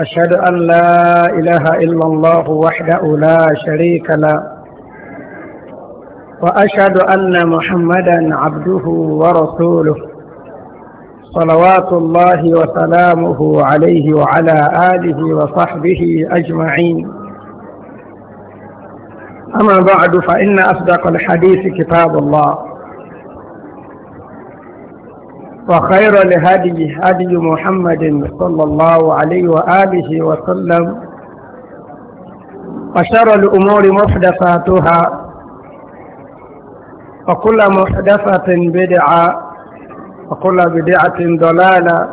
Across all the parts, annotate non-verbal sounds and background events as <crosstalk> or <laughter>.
أشهد أن لا إله إلا الله وحده لا شريك له وأشهد أن محمدا عبده ورسوله صلوات الله وسلامه عليه وعلى آله وصحبه أجمعين أما بعد فإن أصدق الحديث كتاب الله وخير لهدي هدي محمد صلى الله عليه وآله وسلم وشر الأمور محدثاتها وكل محدثة بدعة وكل بدعة ضلالة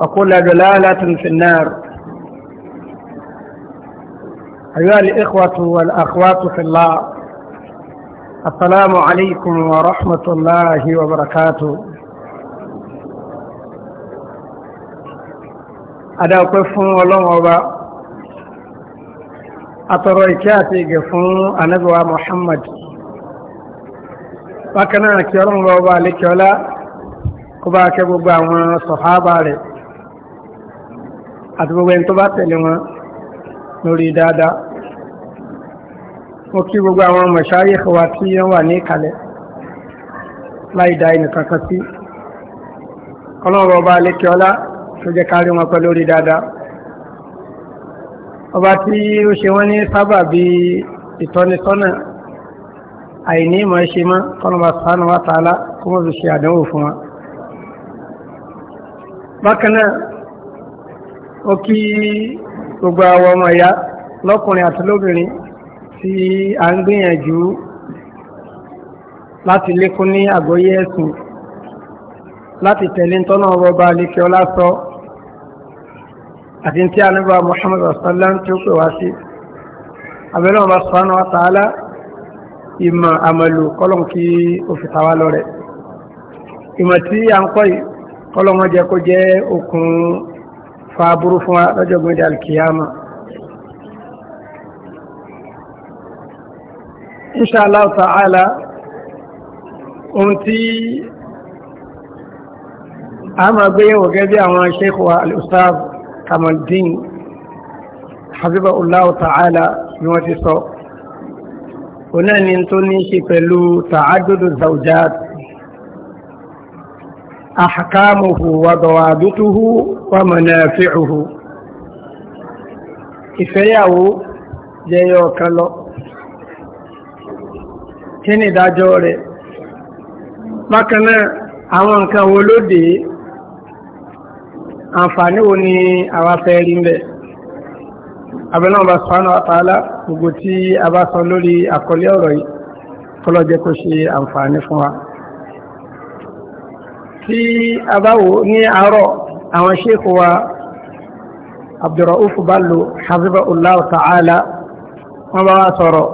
وكل ضلالة في النار أيها الإخوة والأخوات في الله السلام عليكم ورحمة الله وبركاته adáwọ̀pẹ́ fún ọlọ́run ọba atọ̀rọ̀ ìkẹ́ àti ìgẹ̀ fún anábíwá Muhammad bákanáà kí ọlọ́run ọba alékiọlá kó bá kẹ́ gbogbo àwọn sọ̀hábà rẹ̀ àti gbogbo ẹni tó bá tẹ̀lé wọn lórí dáadáa mo kí gbogbo àwọn mọ̀ṣáyé wa tí wọ́n wà ní ìkàlẹ̀ láì dá ẹnì kankan sí ọlọ́run ọba alékiọlá tó jẹ́ kárí wọn pẹ́ lórí dáadáa ọba tí ó ṣe wọ́n ní sábà bí ìtọ́nisọ́nà àìní ìmọ̀ ṣe mọ́ kọ́nàbà sánà wá tààlá kó mọ́ fi ṣe àdánwò fún wa bákan náà ó kí gbogbo àwọn ọmọ ìyá lọ́kùnrin àti lóbìnrin tí a ń gbìyànjú láti lékún ní àgbọ́yé ẹ̀sìn láti tẹ̀lé tọ́nà ọba alékẹ́ ọlá sọ àti tí a nígbà Muhammad sallam tí ó pè wá sí abẹ́lẹ́ wọn bá subhanahu wa ta'ala ìmọ̀ àmàlù kọ́lọ̀n kí ó fi tàwa lọ rẹ̀ ìmọ̀ tí a ń kọ́ yìí kọ́lọ̀n wọn jẹ́ kó jẹ́ okùn fa burú fún wa lọ́jọ́ gbẹ̀dẹ̀ alkiyama inshallah ta'ala ohun tí a máa gbé yẹ̀wò gẹ́gẹ́ bí àwọn sheikh wa al-ustaz kamaldin habiba allah ta'ala bí wọ́n ti sọ onáà ni tó ní ṣe pẹ̀lú ta'adudu zawjat ahkamuhu wa dawabituhu wa manafi'uhu ìfẹ́yàwó jẹyọ kan kí ni ìdájọ́ rẹ̀ bákan àwọn nǹkan wo àǹfààní wo ni àwa fẹ́ rí mbẹ̀ abẹ́lẹ́ ọba sọ́nà àtàlá gbogbo tí a bá sọ lórí àkọlé ọ̀rọ̀ yìí kọlọ́jẹ́ kó ṣe àǹfààní fún wa tí a bá wò ní àárọ̀ àwọn ṣéèkù wa Abdurrauf Ballo hafizahullah ta'ala wọ́n bá wá sọ̀rọ̀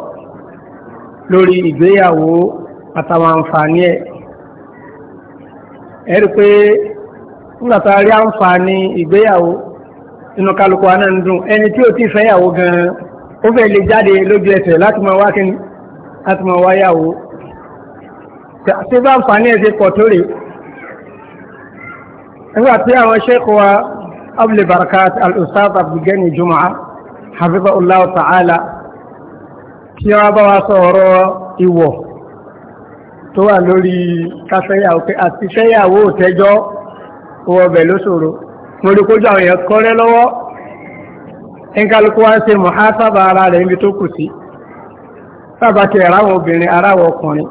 lórí ìgbéyàwó àtàwọn àǹfààní ẹ̀ ẹ̀rí pé nígbà tá a rí àǹfààní ìgbéyàwó inú kálukú wa náà ń dùn ẹni tí ò tí ì fẹ́yàwó gan-an ó fẹ́ lè jáde lójú ẹsẹ̀ láti máa wá kíni láti máa wá tí bá àǹfààní ẹ̀ ṣe pọ̀ tó rè nígbà tí àwọn ṣẹ́kọ̀ọ́ wa abdul barakat al-ustaz abdulgani jumaa hafizahullah ta'ala tí wọ́n bá wa sọ̀rọ̀ ìwọ̀ tó wà lórí káfẹ́yàwó àti fẹ́yàwó tẹ́jọ́ owó ọbẹ̀ ló ṣòro mo rí kójú àwọn èèyàn kọ́rẹ́ lọ́wọ́ ẹnkálukú wá ń ṣe mọ̀hásábà ara rẹ̀ níbi tó kù sí sábàtì ẹ̀ráwọ̀ obìnrin aráwọ̀ ọkùnrin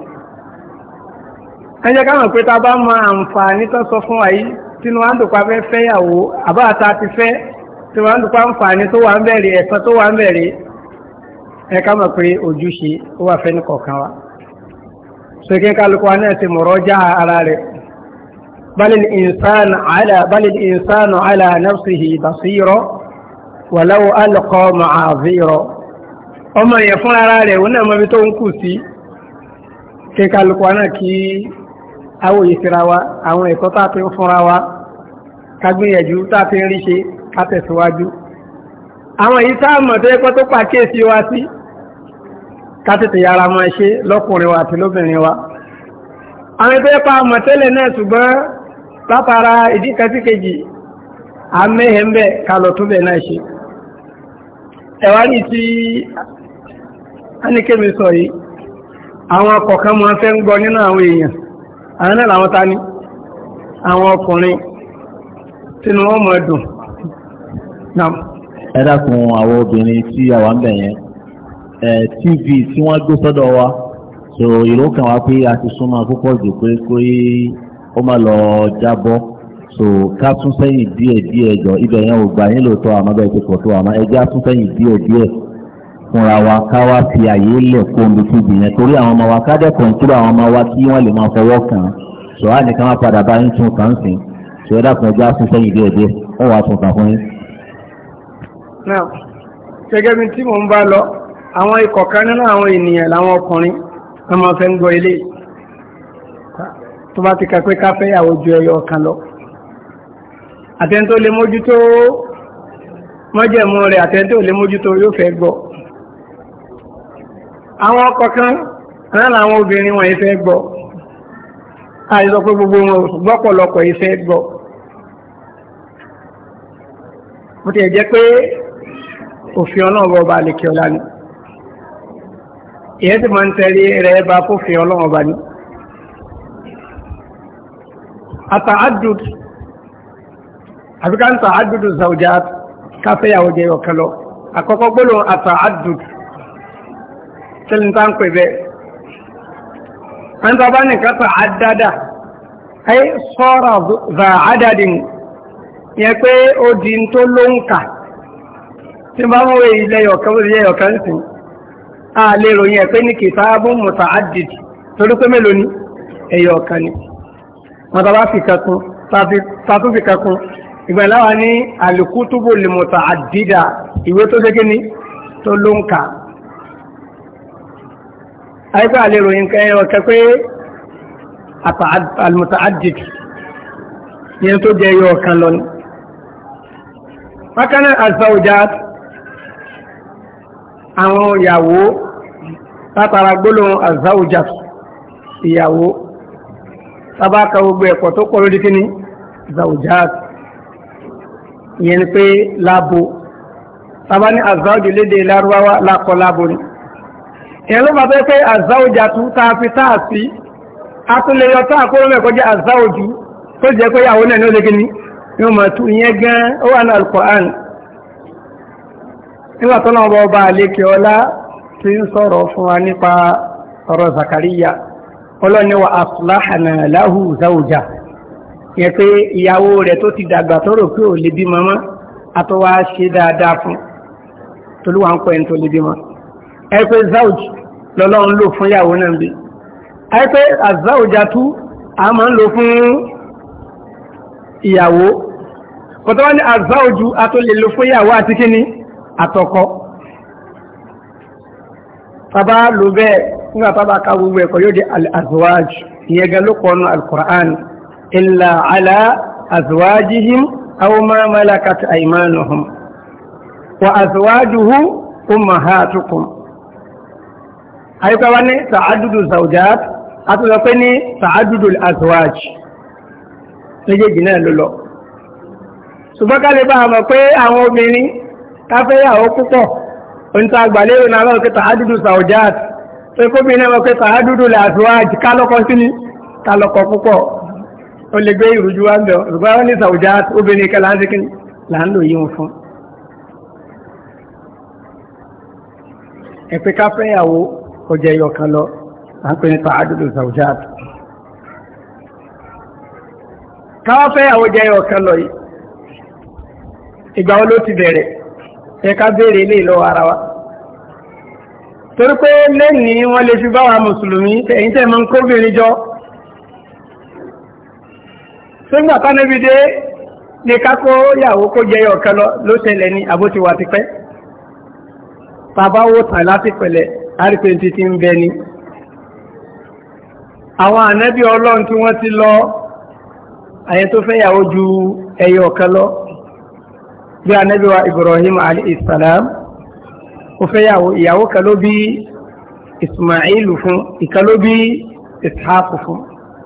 ẹjẹ́ káwọn pé ta bá mọ àǹfààní tó sọ fún wa yìí tínú wa fẹ́ fẹ́yàwó àbáàtà ti fẹ́ tí wa àǹfààní tó wà ń bẹ̀rẹ̀ ẹ̀san tó wà ń bẹ̀rẹ̀ ẹ̀ka mọ̀ pé ojúṣe ó wà fẹ́ ní kọ̀ọ̀kan wa ṣe kí kálukú wa náà ṣe mọ̀rọ̀ já ara rẹ̀ بل الإنسان على بل الإنسان على نفسه بصيرة ولو ألقى معاذيرة ọmọ yẹn fún ara rẹ̀ wọn náà mọbi tó ń kù sí kíkàlùkù náà kí awòye síra wa àwọn ẹ̀kọ́ tá a fi ń fúnra wa kágbìyànjú tá a fi ń rí ṣe ká tẹ̀síwájú àwọn èyí tá a mọ̀ tó yẹ kó tó pàkíyèsí wa sí ká tètè yára máa ṣe lọ́kùnrin wa àti lóbìnrin wa àwọn ẹgbẹ́ pa mọ̀ tẹ́lẹ̀ náà ṣùgbọ́n látara ìdíkàtí kejì àmẹ́hẹ̀mbẹ̀ kalọ̀ tó bẹ̀ náà ṣe ẹ̀wárí tí áníkẹ́mi sọ yìí àwọn kọ̀ọ̀kan máa fẹ́ ń gbọ́ nínú àwọn èèyàn àwọn náà làwọn ta àwọn ọkùnrin tínú wọn mọ̀ ẹ̀dùn náà. ẹ àwọn obìnrin tí àwa ń bẹ̀ yẹn tv tí wọ́n gbé so ìró kan wá pé a ti súnmọ́ púpọ̀ jù pé kó ó má lọ jábọ́ so ká tún sẹ́yìn díẹ̀ díẹ̀ jọ ibẹ̀ yẹn ò gbà yín lóòótọ́ àmọ́ bẹ́ẹ̀ ti pọ̀ tó àmọ́ ẹjẹ́ á tún sẹ́yìn díẹ̀ díẹ̀ fúnra wa ká wá fi àyè lẹ̀ kó omi síbi yẹn torí àwọn ọmọ wa ká dẹ́kun nítorí àwọn ọmọ wa kí wọ́n lè máa fọwọ́ kàn án sọ á nìkan má padà bá yín tún kàn sí sọ ẹ dákun ẹjẹ́ á tún sẹ́yìn díẹ̀ díẹ̀ ó wàá tún kàn fún yín. gẹ́gẹ́ bí tí mò ń bá lọ àwọn ikọ̀ kan nínú àwọn ènìyàn làwọn ọkùnrin tó bá ti kà pé ká fẹ́yàwó ju ẹyọ ọ̀kan lọ àtẹ́ntó lè mójútó mọ́jẹ̀mú rẹ̀ àtẹ́ntó lè mójútó yóò fẹ́ gbọ́ àwọn ọkọ kan náà làwọn obìnrin wọ̀nyí fẹ́ gbọ́ àìsọ pé gbogbo wọn gbọ́pọ̀lọpọ̀ yìí fẹ́ gbọ́ mo ti jẹ́ pé òfin ọlọ́run ọba àlèkè ọ̀la ni ìyẹn ti máa ń tẹ̀lé rẹ̀ bá fòfin ọlọ́run ọba ni àtàádùd àfikà ń tàádùd zàwùjá káfẹ́yàwó jẹ́ ọ̀kan lọ àkọ́kọ́ gbọ́dọ̀ àtàádùd tẹ́lẹ̀ tá ń pè bẹ́ẹ̀ an ta bá nìkan tàádádà ẹ́ sọ́ra zàádàdìn yẹ pé ó di tó ló ń kà tí bá mú ilẹ̀ ọ̀kan ó yẹ ọ̀kan sí a lè ròyìn ẹ̀ pé ní kìtàbùn mùtàádìd torí pé mélòó ni ẹ̀yọ̀ ọ̀kan ni wọn tàbá fi kankun tàtún fi kankun ìgbà ìláwà ní alùkútùbù lèmọ̀tà àdídà ìwé tó ṣe kíní tó ló ń kà àyíká lè ròyìn kẹyìn ọ̀kẹ́ pé àlùmọ̀tà àdìd yẹn tó jẹ yọ ọ̀kan lọ ní bákanáà àzọ́ọ̀já àwọn ìyàwó látara gbólóhùn àzọ́ọ̀já ìyàwó tábà ka gbogbo ẹ̀kọ́ tó kọ́ lórí kíní zawujat ìyẹn ni pé láàbò tábà ní azawujù léde lárúbáwá lákọ láàbò ni ìyẹn ló bá bẹ́ẹ̀ pé azawujà tún tá a fi tá a sí a tún lè yọ tá a kóró mẹ́kọ́ jẹ́ azawujù tó jẹ́ pé ìyàwó náà ní ó lé kíní máa tu ìyẹn gan ó wà ní alukur'an nígbà tó náà bọ́ ọba àlékè ọlá ti ń sọ̀rọ̀ fún wa nípa ọ̀rọ̀ zakariya ọlọ́ni wa aslahana lahu zawja yẹn pé ìyàwó rẹ̀ tó ti dàgbà tọ́rọ̀ pé ò lè bímọ mọ́ àtọwà ṣe dáadáa fún tolúwa ń pọ̀ ẹni tó lè bímọ ẹ pé zawj lọ́lọ́run lò fún ìyàwó náà bí ẹ pé azawja tú a máa ń lò fún ìyàwó kọ̀tọ́ ní azawju a tó lè lò fún ìyàwó àti kíni àtọkọ bàbá lò bẹ́ẹ̀ nígbà tá a bá ka gbogbo ẹ̀kọ́ yóò di al-azwaj ìyẹn gan ló pọ̀ nù al-Qur'an illa ala azwajihim aw ma malakat aymanuhum wa azwajuhum ummahatukum. àyíká wa ní ta'addudu zawjat a tún lọ pé ní ta'addudu al-azwaj méjèèjì náà ló àgbàlérò náà lọ́wọ́ pé ta'addudu zawjat ekóbi náà wọ́n pé tàádúdú làtúwá àti kálọ́kọ́ sí ni kálọ́kọ́ púpọ̀ ó lè gbé ìrújú wá bẹ̀ ṣùgbọ́n wọ́n ní sàwùjá obìnrin kẹlá ń sikin là ń lò yí wọn fún. ẹ̀pẹ́ ká fẹ́yàwó ọjà ẹyọ kan lọ à ń pè ní tàádúdú sàwùjá. káwá fẹ́yàwó jẹ́ ẹyọ kan lọ yìí ìgbà wo ló ti bẹ̀rẹ̀ ẹ béèrè ilé ìlọ́wọ́ ara wa torí pé lẹ́nìí wọ́n lè fi báwa mùsùlùmí ẹ̀yìn tẹ̀ máa ń kóbìnrin jọ sọ́gbà tánábì dé ní kákó yàwó kó jẹ ọ̀kan lọ ló ṣẹlẹ̀ ní àbótiwà ti pẹ́ bàbá wo tàn láti pẹ̀lẹ̀ àrípẹ́ntì ti ń bẹ ni àwọn ànábì ọlọ́run tí wọ́n ti lọ àyẹ tó fẹ́ yàwó ju ẹyọ ọ̀kan lọ bí ànábì wa Ibrahim alayhi salam ó fẹ́ yàwó ìyàwó kan ló bí Ismail fún ìkan ló bí Ishaq fún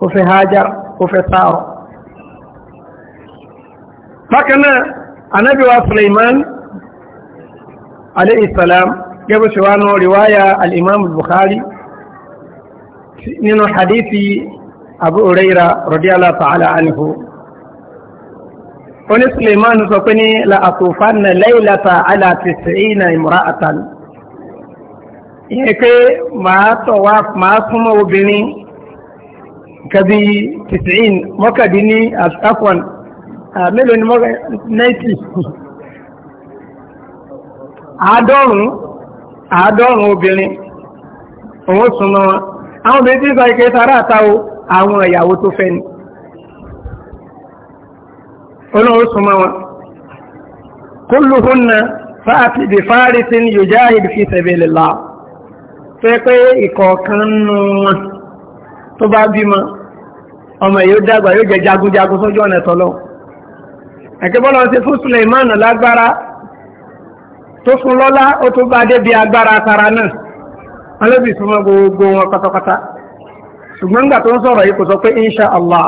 ó fẹ́ Hajar ó fẹ́ Sara. bákan náà anabi wa Suleiman alayhi salam gẹ́gẹ́ ṣe wá nù riwaya al-Imam nínú hadithi Abu Huraira radiyallahu ta'ala anhu oní Suleiman sọ pé ní la àtòfánà lẹ́yìnlata alátìsíìnà ìmúra àtàn ìyẹn pé màá tọ̀ wá màá súnmọ́ obìnrin kàbí tìsíìn mọ́kàdí ní àtàkùn mélòó ni mọ́kà náìtì àádọ́rùn-ún àádọ́rùn-ún obìnrin òun súnmọ́ wọn àwọn obìnrin tí ń sọ ìkẹsàrà àtàwọn àwọn ìyàwó tó fẹ́ ni ọlọ́run sọ máa wọn kulluhunna fáàtì bí fáàrìsìn yujahid fi sabilillah tó yẹ pé ìkọ̀ọ̀kan nù wọn tó bá bímọ ọmọ yóò dàgbà yóò jẹ jagunjagun sójú ọ̀nà tọ́lọ́ àkẹ́bọ́lọ́ ti fún Suleiman lágbára tó fún lọ́lá ó tó bá débi ń sọ̀rọ̀ yìí kò sọ pé insha Allah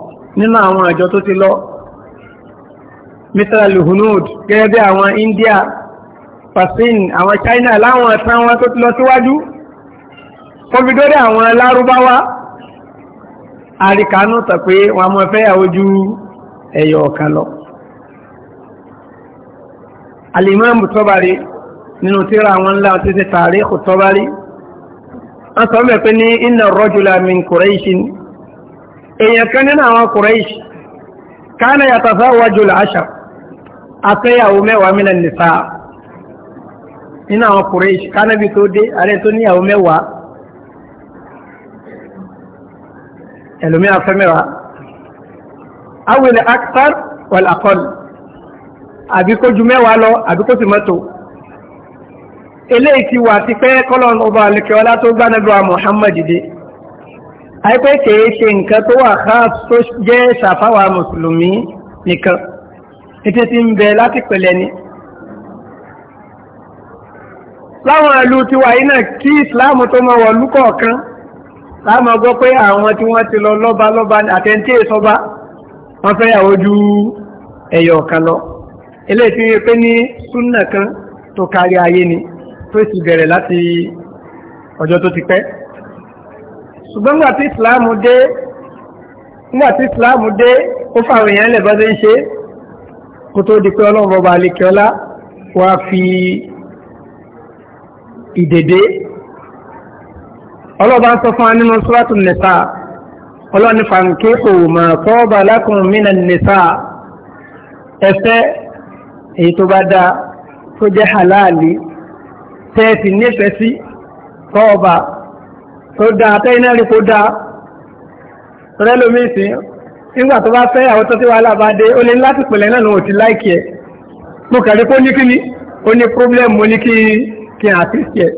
nínú àwọn àjọ tó ti lọ mr luhunud gẹ́gẹ́ bí àwọn India Pasin, àwọn China láwọn ẹ̀sán wọn tó ti lọ síwájú kọfidórí àwọn lárúbáwá àríkánú tọ̀ pé wọn mọ̀ fẹ́ àwójú ẹ̀yọ ọ̀kan lọ alimọ́mù tọ́bárí nínú tíra àwọn ńlá títí tààrí kò tọ́bárí wọ́n sọ mẹ́ pé ní inna rajula min Qurayshin èèyàn kan nínú àwọn Quraish kana yatazawwaju al-ashar afẹ́yàwó mẹ́wàá minan nisa nínú àwọn Quraish kánàbí tó dé ààrẹ tó níyàwó mẹ́wàá ẹlòmí afẹ́ mẹ́wàá awil akthar wal aqall àbí kó mẹ́wàá lọ àbí kó sì mọ́tò eléyìí ti wà ti pẹ́ kọ́lọ́n ọba àlùkẹ́ tó gbánadúrà Muhammad dé àìpé kèé ṣe nǹkan tó wà khas tó jẹ́ ṣàfáwà mùsùlùmí nìkan títí ti ń bẹ láti pẹ̀lẹ̀ ni láwọn ìlú ti wà yí náà kí ìsìláàmù tó mọ wọ̀lú kọ̀ọ̀kan láàmọ́ gbọ́ pé àwọn tí wọ́n ti lọ lọ́ba lọ́ba àtẹ̀ntì ìsọba wọ́n fẹ́ yàwó ju ẹ̀yọ̀ kan lọ eléyìí fi pé ní súnà kan tó kárí ayé ni tó sì bẹ̀rẹ̀ láti ọjọ́ tó ti pẹ́ ṣùgbọ́n nígbà tí islam dé nígbà tí islam dé ó fàwọn èèyàn lẹ̀ bá ṣe ń ṣe kó tó di pé ọlọ́run bọba àlekẹ́ọ́lá wá fi ìdèdè ọlọ́ba ń sọ fún wa nínú sọ́ràtù nìta ọlọ́ni fankihu ma tọ́ba lakum minan nìta ẹ̀fẹ́ èyí tó bá dáa tó jẹ́ halali tẹ́ẹ̀sì nífẹ̀ẹ́ sí tọ́ba tó dáa tẹ́yìn náà rí kó dáa rẹ́ lómi ìsìn nígbà tó bá fẹ́ àwọn tó ti wà lábàdé ó lè láti pẹ̀lẹ́ náà lòun ti láìkì ẹ̀ mo kàrí kó ní kíní ó ní problem mo ní kí kí n àtìsí ẹ̀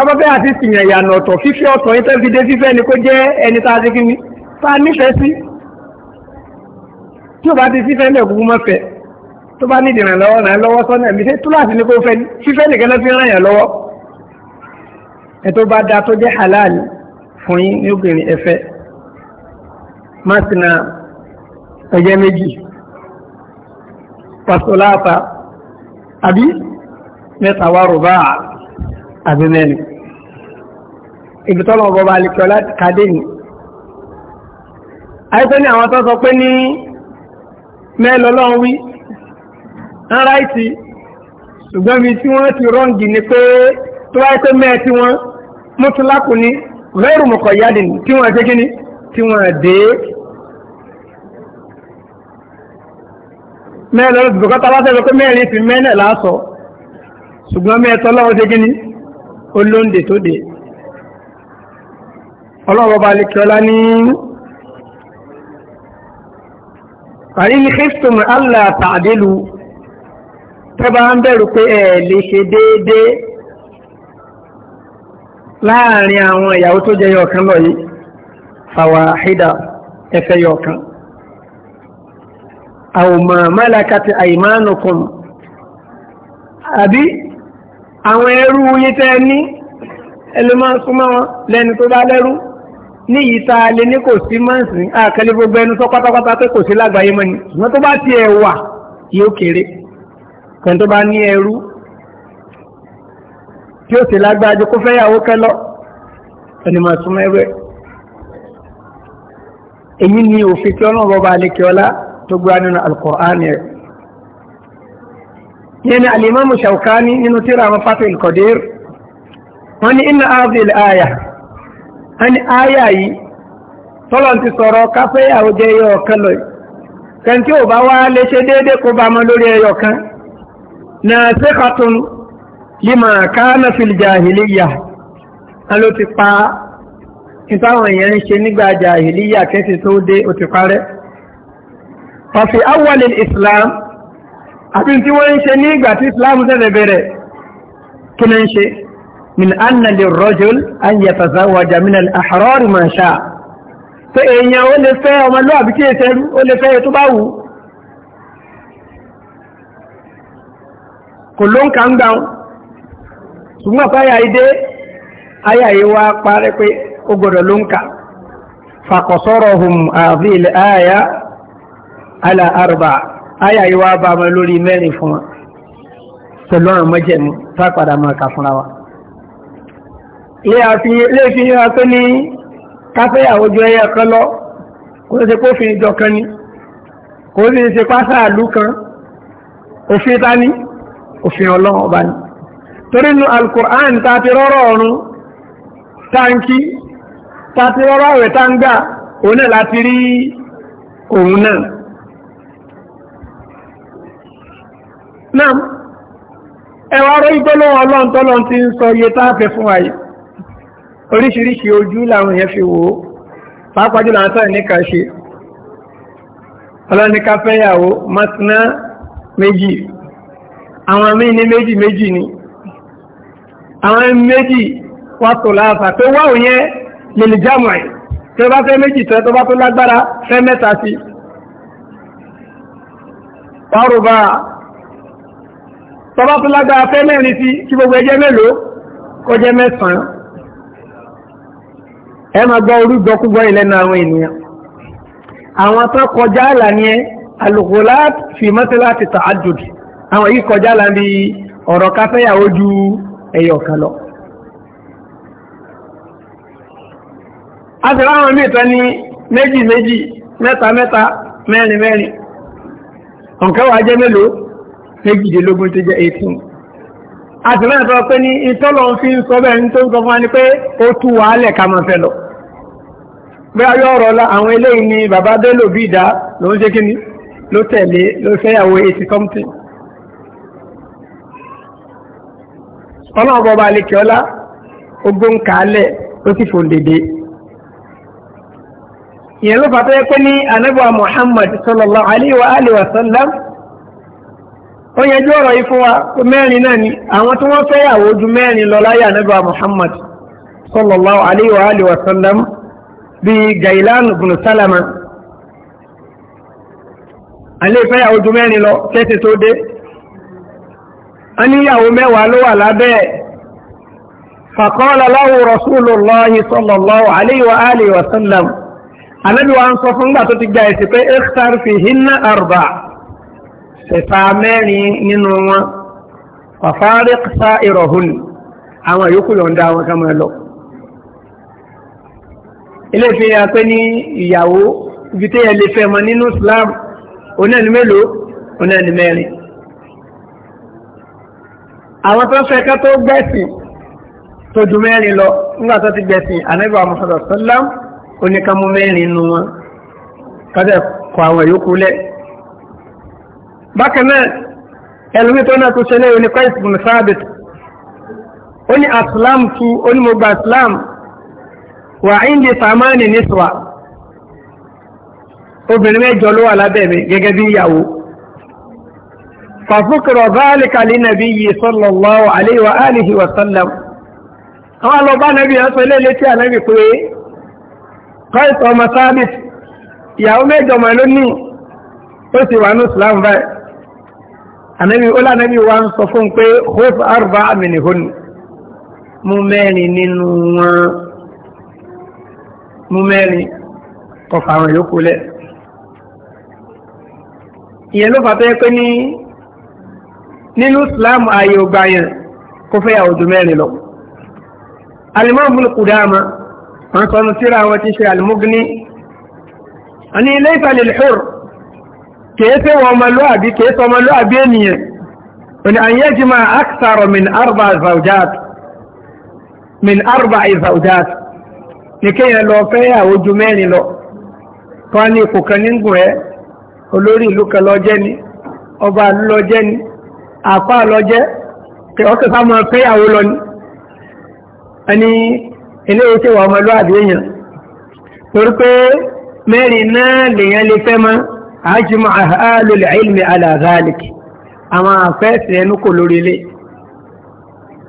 abọ́fẹ́ àtìsí yẹn ìyànà ọ̀tọ̀ fífẹ́ ọ̀tọ̀ yín tẹ́ dé fífẹ́ ni kó jẹ́ ẹni tá a ti kíní tá a nífẹ̀ẹ́ sí tí o bá ti fífẹ́ ní ẹ̀kúkú mọ́ fẹ́ tó bá ní ìdìrànlọ́wọ́ ràn án lọ́wọ́ sọ́nà ẹ̀mí ṣe túláàsì ni kó fẹ́ fífẹ́ nìkan náà fi ràn yàn lọ́wọ́ ẹ̀tọ́ bá da tó jẹ́ halal fún yín ní obìnrin ẹ̀fẹ́ mátìnà ọjọ́ méjì pàṣọláàpá àbí mẹ́ta wá rọ̀bá àbí mẹ́rin ibi tọ́lọ̀ ọ̀bọ̀ bá kàdé ni àìsàn ni àwọn tó pé ní mẹ́lọ́lọ́run wí ń ṣùgbọ́n mi tí wọ́n ti rọ́ǹgì ni pé tó wáyé pé mẹ́ẹ̀ tí wọ́n mutulaku ni lẹ́rù mọ̀kọ̀yáde ni tí wọ́n ṣe kí ni tí wọ́n dé mẹ́rin lọ́dún bùkọ́ tá a bá fẹ́ sọ pé mẹ́rin fi mẹ́rin láàsọ ṣùgbọ́n mẹ́ẹ̀tọ́ lọ́wọ́ ṣe kí ni olóńdè tó dé ọlọ́wọ́ bá lè kíọ́lá ní àríní kristum allah tàdélu tẹ́ ń bẹ̀rù pé ẹ̀ lè ṣe déédéé láàrin àwọn ìyàwó tó jẹ́ yọ̀kan lọ yìí fàwàhídà ẹfẹ́ yọ̀kan àwòmọ̀ mẹ́lẹ̀kàtì àìmánukùn àbí àwọn ẹrú yí tẹ́ ní ẹlẹ́mọ́ súnmọ́ wọn lẹ́ni tó bá lẹ́rú ní yìí tá a lè ní kò sí mọ́ǹsì àkẹ́lẹ́ gbogbo ẹnu sọ pátápátá pé kò sí lágbàáyé mọ́ni ṣùgbọ́n tó bá tiẹ̀ wà yóò kéré kẹ́ni tó bá ní ẹrú tí ó sì lágbájú kó fẹ́yàwó kẹ́lọ́ ẹni máa súnmọ́ ẹgbẹ́ èyí ni òfin tí ọlọ́run bọ́ba alékè ọlá tó gbá nínú alkọ̀ánì rẹ̀ yẹn ni alimamu shaukani nínú tíra àwọn fáfẹ́ ìkọ̀dér wọ́n ní iná azil aya wọ́n aya yìí tọ́lọ̀ ti sọ̀rọ̀ káfẹ́yàwó jẹ́ ẹyọ lọ lima kana fil jahiliya a ló ti pa ìtàwọn èèyàn ń ṣe nígbà jahiliya kẹsì tó dé ó ti parẹ́ pàfi awwalil islam àti tí wọ́n ń ṣe nígbà tí islam tẹ́lẹ̀ bẹ̀rẹ̀ kí ló ń ṣe min anna lil rajul an yatazawaja min al ahrar ma sha pé èèyàn ó lè fẹ́ ọmọlúwàbí kí èsẹ́rú ó lè fẹ́ tó bá kò ló ń kà ń gbà ṣùgbọ́n fáyà ìdé ayà yìí wá parẹ́ pé ó gbọ́dọ̀ ló ń kà fàkọ̀sọ́rọ̀ hùm àbílẹ̀ ayà alà àrùbà ayà yìí wá bá ọmọ lórí mẹ́rin fún wa pẹ̀lú àwọn mọ́jẹ̀mú tá padà máa kà fúnra wa. ilé fi hàn pé ní káfẹ́yàwó ju ẹyẹ òfin ta ni òfin ọlọ́run ọba ni. torí nu alukur'an ta ti rọ́rọ̀ ọ̀run táǹkì ta ti rọ́rọ̀ ọ̀rẹ́ náà láti rí òun náà. ẹwà rọ ìgbọ́lọ́wọ́ ọlọ́run ti ń sọ iye táàfẹ́ fún wa oríṣiríṣi ojú làwọn èèyàn fi wò ó pàápàá jùlọ ṣe fẹ́yàwó mọ́tíná méjì àwọn méjì méjì àwọn méjì wà tó láàfà tó wà òun yẹn lè lè jámù ẹ̀ tó bá fẹ́ méjì tẹ́ tó bá tó lágbára fẹ́ mẹ́ta sí párùbá tó bá tó lágbára fẹ́ mẹ́rin sí kí gbogbo ẹjẹ́ mélòó kó jẹ́ mẹ́sàn-án ẹ máa gbọ́ orúgbọ́kúgbọ́ ìlẹ́nu àwọn ènìyàn àwọn tó kọjá àlà ní ẹ fi mọ́tí láti tààjùd àwọn yìí kọjá àlà ọ̀rọ̀ káfẹ́yàwó ju ẹyọ kan lọ. a ti ráwọn mìí ní méjì méjì mẹ́ta mẹ́ta mẹ́rin mẹ́rin ọ̀nkẹ́wàá jẹ́ mélòó méjìdínlógún tó jẹ́ 18 a ti ráwọn tán pé ní ìtọ́lọ̀ fi ń sọ bẹ́ẹ̀ wa ni pé ó tú wàhálẹ̀ ká máa fẹ́ lọ bí la àwọn eléyìí ni bàbá délò bí ìdá ló ń ló tẹ̀lé ọlọ́run bọba àlekè ọlá ogún kàálẹ̀ ó sì fò dédé ìyẹn ló fàtọ́ yẹ pé ní anábọ̀ Muhammad sallallahu alayhi wa alihi wa sallam ó yẹjú ọ̀rọ̀ yìí fún wa mẹ́rin náà ni àwọn tí wọ́n fẹ́ yàwó ju mẹ́rin lọ láyé anábọ̀ Muhammad sallallahu alayhi wa alihi wa Gailan ibn Salama àlè fẹ́ ju mẹ́rin lọ kẹ́sì tó dé a níyàwó mẹ́wàá ló wà lábẹ́ ẹ̀ fàkọ́ọ́lá láwù rasulullahi sallallahu alayhi wa alihi wa sallam anábì wa ń sọ fún gbà tó ti gba ẹ̀sìn pé ikhtar fi hinna arba ṣẹ̀fà mẹ́rin nínú wọn fàfárí sa ìrọ̀hún àwọn yòókù yọ̀ǹda wọn kama lọ ilé fi hàn àwọn tó ń fẹ́ ká tó gbẹ̀sìn tó ju mẹ́rin lọ nígbà tó ti gbẹ̀sìn ànábì wa Muhammad sallam oníkanmú mẹ́rin nu wọn kọ́dẹ̀ kọ àwọn yòókù lẹ̀. bákan náà tó náà tó ṣẹlẹ̀ oníkọ́ ìsìnkú sábẹ̀t ó aslam tu ó ní mo gba aslam wà índì sàmánì nísùwà obìnrin mẹ́jọ ló wà lábẹ́ mi gẹ́gẹ́ bí ìyàwó. فذكر ذلك لنبي صلى الله عليه وآله وسلم قال الله نبي صلى الله عليه وسلم قيس ومثابت يا أمي جمالني قلت وانو سلام باي النبي أولى نبي وان صفون كي خذ أربع منهن مماني ننوى مماني قف عمل يقول يلو ló nínú islam ààyè ọgbà yẹn kó fẹ́ yàwó ju mẹ́rin lọ. alimọ́n bùn kùdáàmà wọn sọ síra wọn ti ṣe alimugni wọn ní ilé ìfàlẹ̀ lẹ́hùr kìí ṣe wọn ọmọlúwàbí kìí ṣe ọmọlúwàbí ènìyàn wọn an yajma aksaro min arba zawjat min arba zawjat ní kéèyàn lọ fẹ́ yàwó ju mẹ́rin lọ tó wá ní ipò nígbò ẹ olórí ìlú kan lọ jẹ́ ni ọba àlú lọ jẹ́ ni àpá lọ́jẹ́ ọkẹ̀ fá mọ́ pẹ́yàwó lọ ní ẹni eléyìí tí wọ́n mọ́lú àbí èèyàn torí pé mẹ́rin náà lèyàn lè fẹ́ mọ́ àjímọ̀ àhálòlè ilmi alàzálìkì àwọn àfẹ́ẹ̀sì ẹnu kò lórí ilé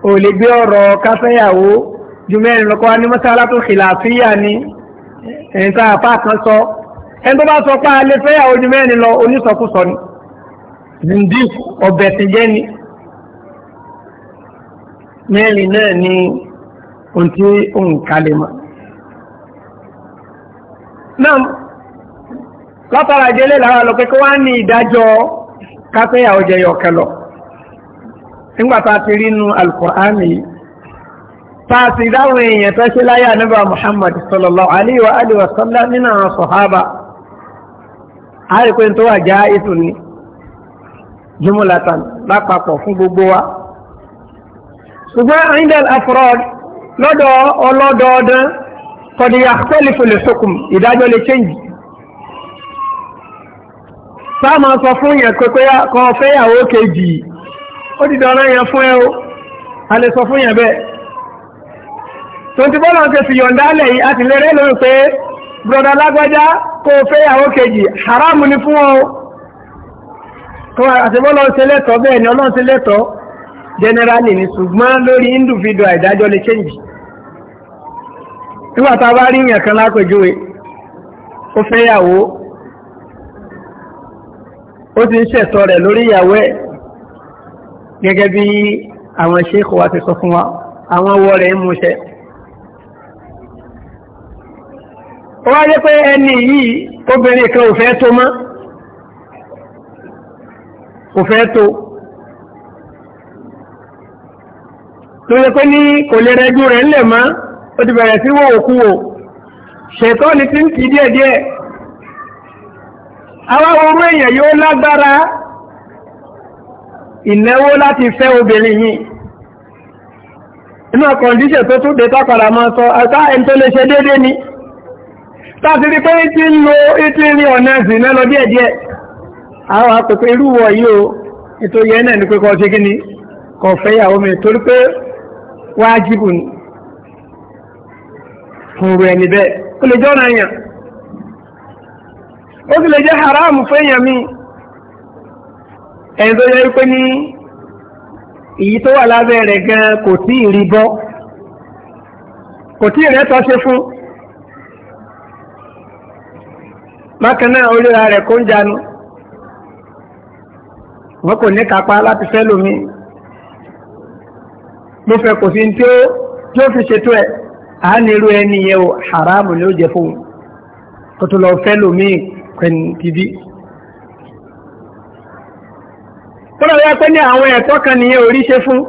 o lè gbé ọ̀rọ̀ káfẹ́yàwó ju mẹ́rin lọ zindik ọbẹ̀ ti ni mẹ́rin náà ni ohun tí òun kalẹ̀ mọ́. náà látara ìdílé lára lọ pé kí wọ́n á ní ìdájọ́ kápẹ́yàwó jẹyọ kẹlọ nígbà tá a ti rí nu alukur'ani tá a ti èèyàn tó ṣe láyé ànábà muhammad sallallahu alayhi wa alihi wa sallam nínú sọ̀hábà a tó wà já ìtù ni jumlatan lápapọ̀ fún gbogbo wa. ṣùgbọ́n indal afrod lọ́dọ̀ ọlọ́dọọdún kọ̀dí yakhtalifu al-hukm ìdájọ́ lè change. sáàmà sọ fún yẹn pé kọ́ fẹ́yàwó kejì ó ti dọ̀rọ̀ yẹn fún ẹ o a lè sọ fún yẹn bẹ́ẹ̀. tonti bọ́lá ń ṣe fìyọ̀ǹda lẹ̀ yìí a ti lè rẹ́ lórí pé broda lágbájá kó fẹ́yàwó kejì haramu ni fún ọ kọ́ àtẹ́bọ́ lọ́n ṣe lẹ́tọ̀ọ́ bẹ́ẹ̀ ni ọlọ́n ṣe lẹ́tọ̀ọ́ generally ni ṣùgbọ́n lórí individual ìdájọ́ lè change nígbà tá a bá rí ìyàn kan lápèjúwe ó fẹ́ yàwó ó ti ń ṣẹ̀tọ́ rẹ̀ lórí ìyàwó ẹ̀ gẹ́gẹ́ bí àwọn ṣéèkù wa ti sọ fún wa àwọn ọwọ́ rẹ̀ ń múṣẹ́ ó wá jẹ́ pé ẹni yìí obìnrin kan ò fẹ́ tó mọ́ kò fẹ́ tó tó yẹ pé ní kò lè rẹjú rẹ̀ ńlẹ̀ mọ́ ó ti bẹ̀rẹ̀ sí wòwò kú wò ṣètọ́ ni ti ń kì díẹ̀díẹ̀ àwọn orú èèyàn yóò lágbára ìnáwó láti fẹ́ obìnrin yìí inú kọ̀ndíṣẹ̀ tó tún dé tápàdà máa sọ àtà ẹni tó lè ṣe déédéé ni táti pé ìtí ń lo ìtí ń rí ọ̀nà ẹ̀sìn náà díẹ̀díẹ̀ àwọn àpẹẹpẹ irú wọ̀ yìí o ètò yẹn náà ni pé kọ́ ṣe kíni kọ́ fẹ́ ìyàwó mi torí pé wájibù ni fún irú ẹni bẹ́ẹ̀ ó lè haram fún èèyàn mi ẹni tó yẹ wípé ní èyí tó wà lábẹ́ rẹ̀ gan kò tí ì rí bọ́ kò tí ì fún bákan náà wọ́n kò ní kápá láti fẹ́ lómi ló fẹ́ kò sí tí ó tí ó fi ṣètò ẹ̀ a ní irú ẹni yẹn o haramu ni ó jẹ fún kò tó lọ fẹ́ lómi pẹ̀lú tìbí kọ́nà wíwá ní àwọn ẹ̀tọ́ kan nìyẹn orí ṣe fún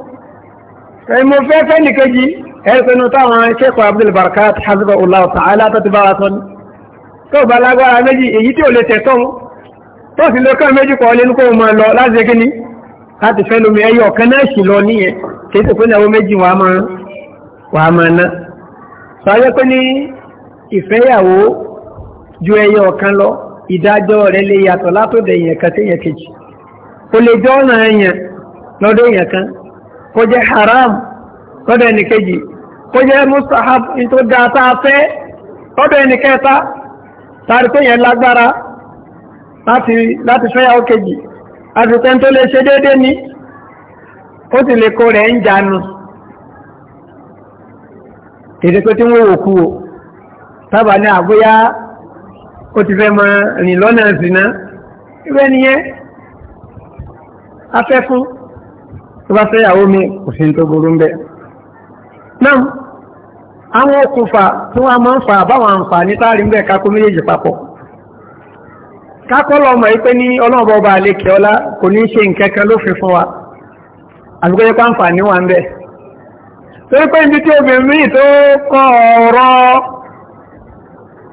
mo fẹ́ fẹ́ nìkejì ẹ̀ẹ́sẹ̀nu táwọn Sheikh Abdul Barakat hafizahu Allah ta'ala tó ti bá wa sọ ní tó bá lágbára méjì èyí tí ò lè tẹ̀tọ́ tó sì lè kọ́ méjì kọ́ lẹ́nu kó máa lọ láti kí ni láti fẹ́ lómi ẹyọ ọ̀kan náà sì lọ níyẹn kì í sì fún ìyàwó méjì wàá máa wàá máa ná. sọ ayé pé ní ìfẹ́yàwó ju ẹyọ ọ̀kan lọ ìdájọ́ rẹ̀ lè yàtọ̀ látòdè èèyàn haram lọ́dọ̀ ẹni kejì mustahab ní tó dáa tá a fẹ́ kẹta tàbí tó yẹn lágbára láti fẹ́yàwó kejì àtìpẹ́ tó lè ṣe déédé ní ó sì lè kó rẹ̀ ń jánu kìí pé tí wọ́n wò kú o tábà ní àbúyá ó ti fẹ́ mọ rìn lọ́nà ìsìná ibẹ̀ nìyẹn afẹ́ fún tó bá fẹ́yàwó mi kò sí tó burú ń bẹ̀ náà àwọn okùnfà tí wọ́n máa ń fà báwọn àǹfààní táàrí ń bẹ̀ kákó méjèèjì papọ̀ kákọ́lọ̀ ọmọ yìí pé ní ọlọ́ọ̀bọ̀ ọba àlekè ọlá kò ní ṣe nǹkan lófin fún wa àbúkọ́ yẹ pàǹfààní wà ń bẹ̀. torí pé ibi tí obìnrin tó kọ ọ̀rọ̀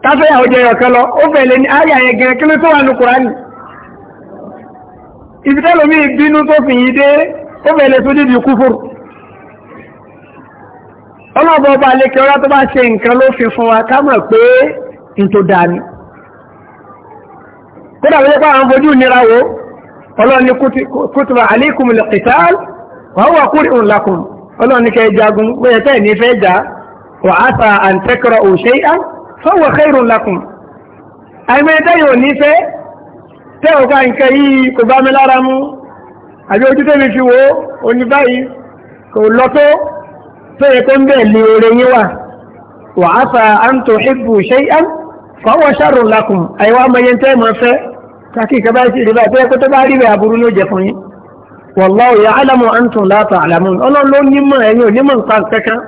káfíyàwó jẹ ọ̀kan lọ ó bẹ̀lẹ̀ ní ayà gẹ̀rẹ́ kí ló tó wà ní ibi bínú tó fi yí dé ó bẹ̀lẹ̀ tó dídì kúfùrù. ọlọ́ọ̀bọ̀ tó bá ṣe lófin fún wa ká mọ̀ kódà wọ́n yẹ́pá àwọn fojú nira wo ọlọ́ni kútùbà aleikum lẹ́kìtàl wà wà kúrì ń lakùn ọlọ́ni kẹ́ jagun wọ́n yẹ́ tẹ́ ní fẹ́ jà wà á sa àn tẹ́kọ̀rọ̀ òṣè á fọwọ́ kẹ́rù ń lakùn. yóò ní fẹ́ tẹ́ ò ká yìí kò bá mi lára mu àbí ojú tẹ́mi fi wo oní báyìí kò lọ tó tó yẹ kó ń bẹ̀ lé oore yín wà wà á sa àn tó ṣe á fọwọ́ ṣàrùn lakùn àìwá ọmọ mọ́ fẹ́ káàkiri kaba sí ìdí báyìí tó yẹ kó tó bá rí bẹ́ẹ̀ aburú ló jẹ fún yín la ta'lamun ọlọ́run ló nímọ̀ ẹ̀yin ò nǹkan kankan.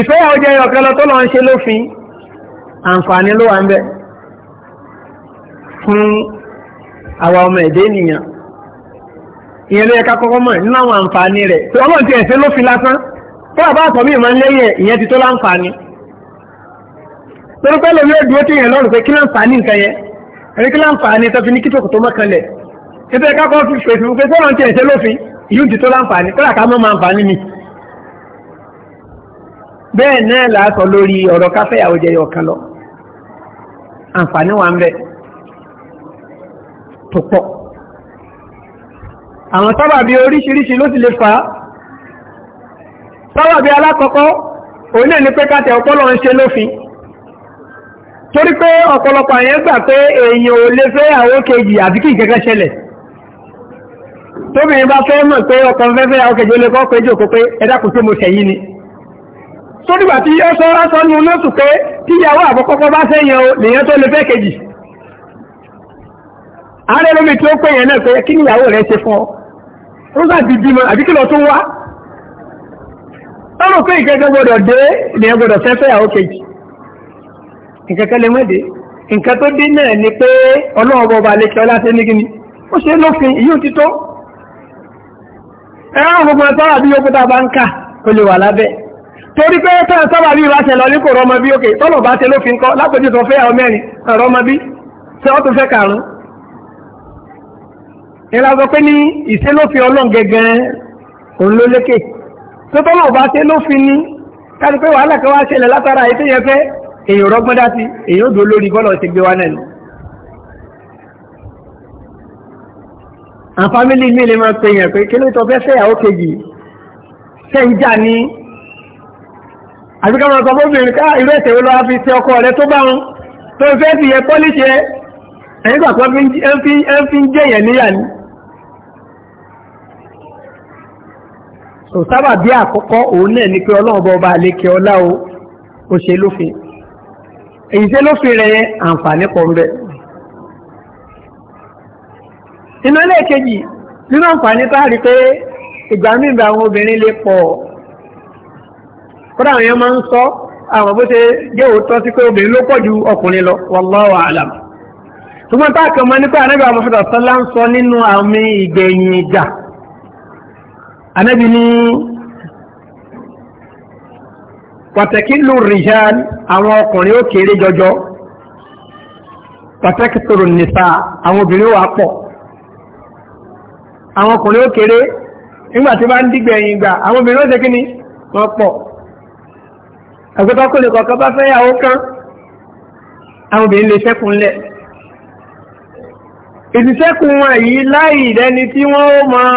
ìfẹ́yàwó jẹ́ ọ̀kan lọ tó ṣe lófin àǹfààní ló wà ń bẹ fún àwa ọmọ ẹ̀dẹ́ ènìyàn ìyẹn ló yẹ ká kọ́kọ́ mọ̀ nínú àwọn àǹfààní rẹ̀ tí torí pé lómi ó dúró téèyàn lọ́rùn pé kí ló ń fà á ní nǹkan yẹn ẹni kí ló ń fà á ní tó fi ní kí tòkò tó mọ́ kanlẹ̀ títí ẹ̀ka kan fi fèsì wípé sọ́nà ti ẹ̀ṣẹ́ lófin yóò ti tó láǹfààní kó làkà mọ́ máa ń fà mi. bẹ́ẹ̀ náà là á sọ lórí ọ̀rọ̀ káfẹ́yàwó jẹyọ kan lọ àǹfààní wa ń bẹ tó pọ̀ àwọn sábàbí oríṣiríṣi ló sì lè fà á sábàbí alákọ̀ọ́kọ́ òun náà ni pé ká ọpọlọ ń ṣe lófin torí pé ọ̀pọ̀lọpọ̀ àyẹ́ gbà pé èèyàn ò lè fẹ́ àwọ́ kejì àti kí ìkẹ́kẹ́ ṣẹlẹ̀ tóbìnrin bá fẹ́ mọ̀ pé ọkọ fẹ́fẹ́ àwọ́ kejì ó lè kọ́ péjì òkú pé ẹ̀dá kò tó mo ṣẹ̀yìn ni tó dìgbà tí ó sọ ọ́ sọ́nu lóṣù pé tí ìyàwó àkọ́kọ́ bá fẹ́ ni ìyàwó rẹ̀ ṣe fún ìkẹ́kẹ́ lè mọ́dé nǹkan tó dé náà ni pé ọlọ́run bọba lè kẹ́ láti ní gíní ó ṣe lófin èyí ò ti tó ẹ̀rọ gbogbo sábà bí yóò kúta bá ń kà kó lè wà lábẹ́ torí pé tán sábà bí ìbáṣẹ lọ ní kò rọmọ bí òkè tọ́lọ̀ bá ṣe lófin kọ́ lápèjì tó fẹ́ ọ mẹ́rin rọmọ bí sọ fẹ́ èyàn rọ́gbọ́n dá sí èyàn ó dò lórí bọ́lọ̀ ti gbé wá náà ni àwọn fámílì mi lè máa pe èyàn pé kí ló tọ́ fẹ́ fẹ́yàwó kejì fẹ́ ń jà ní àbíkọ́ máa sọ fóbìnrin ká ah, irú ẹ̀sẹ̀ wo lọ́wọ́ fi ṣe ọkọ bí àkọ́kọ́ òun náà ni pé ọlọ́run ọba àlékè ọlá o ó ṣe lófin èyí tẹ́ ló fi rẹ̀ àǹfààní pọ̀ ń bẹ. inú ẹlẹ́ẹ̀kejì nínú àǹfààní tá a rí pé ìgbà míì bá àwọn obìnrin lè pọ̀ kódà àwọn èèyàn máa ń sọ àwọn bó ṣe jẹ́ òótọ́ sí pé obìnrin ló pọ̀ ju ọkùnrin lọ wallahu a'lam ṣùgbọ́n tá a kàn mọ́ nípa anábì àmọ́fẹ́tà sọ́lá ń sọ nínú àmì ìgbẹ̀yìn ìjà anábì ní pàtàkì lù rìjàn àwọn ọkùnrin ó kéré jọjọ pàtàkì tòrò nìta àwọn obìnrin wà pọ̀ àwọn ọkùnrin ó kéré nígbà bá ń dìgbẹ̀yìn gbà àwọn obìnrin ó ṣe ni wọ́n pọ̀ àgbẹ̀tọ́kùnrin kọ̀ọ̀kan bá fẹ́ yàwó kan àwọn obìnrin lè ṣẹ́kùn lẹ̀ ìsìṣẹ́kùn wọn yìí láì ìdẹni tí wọ́n ó máa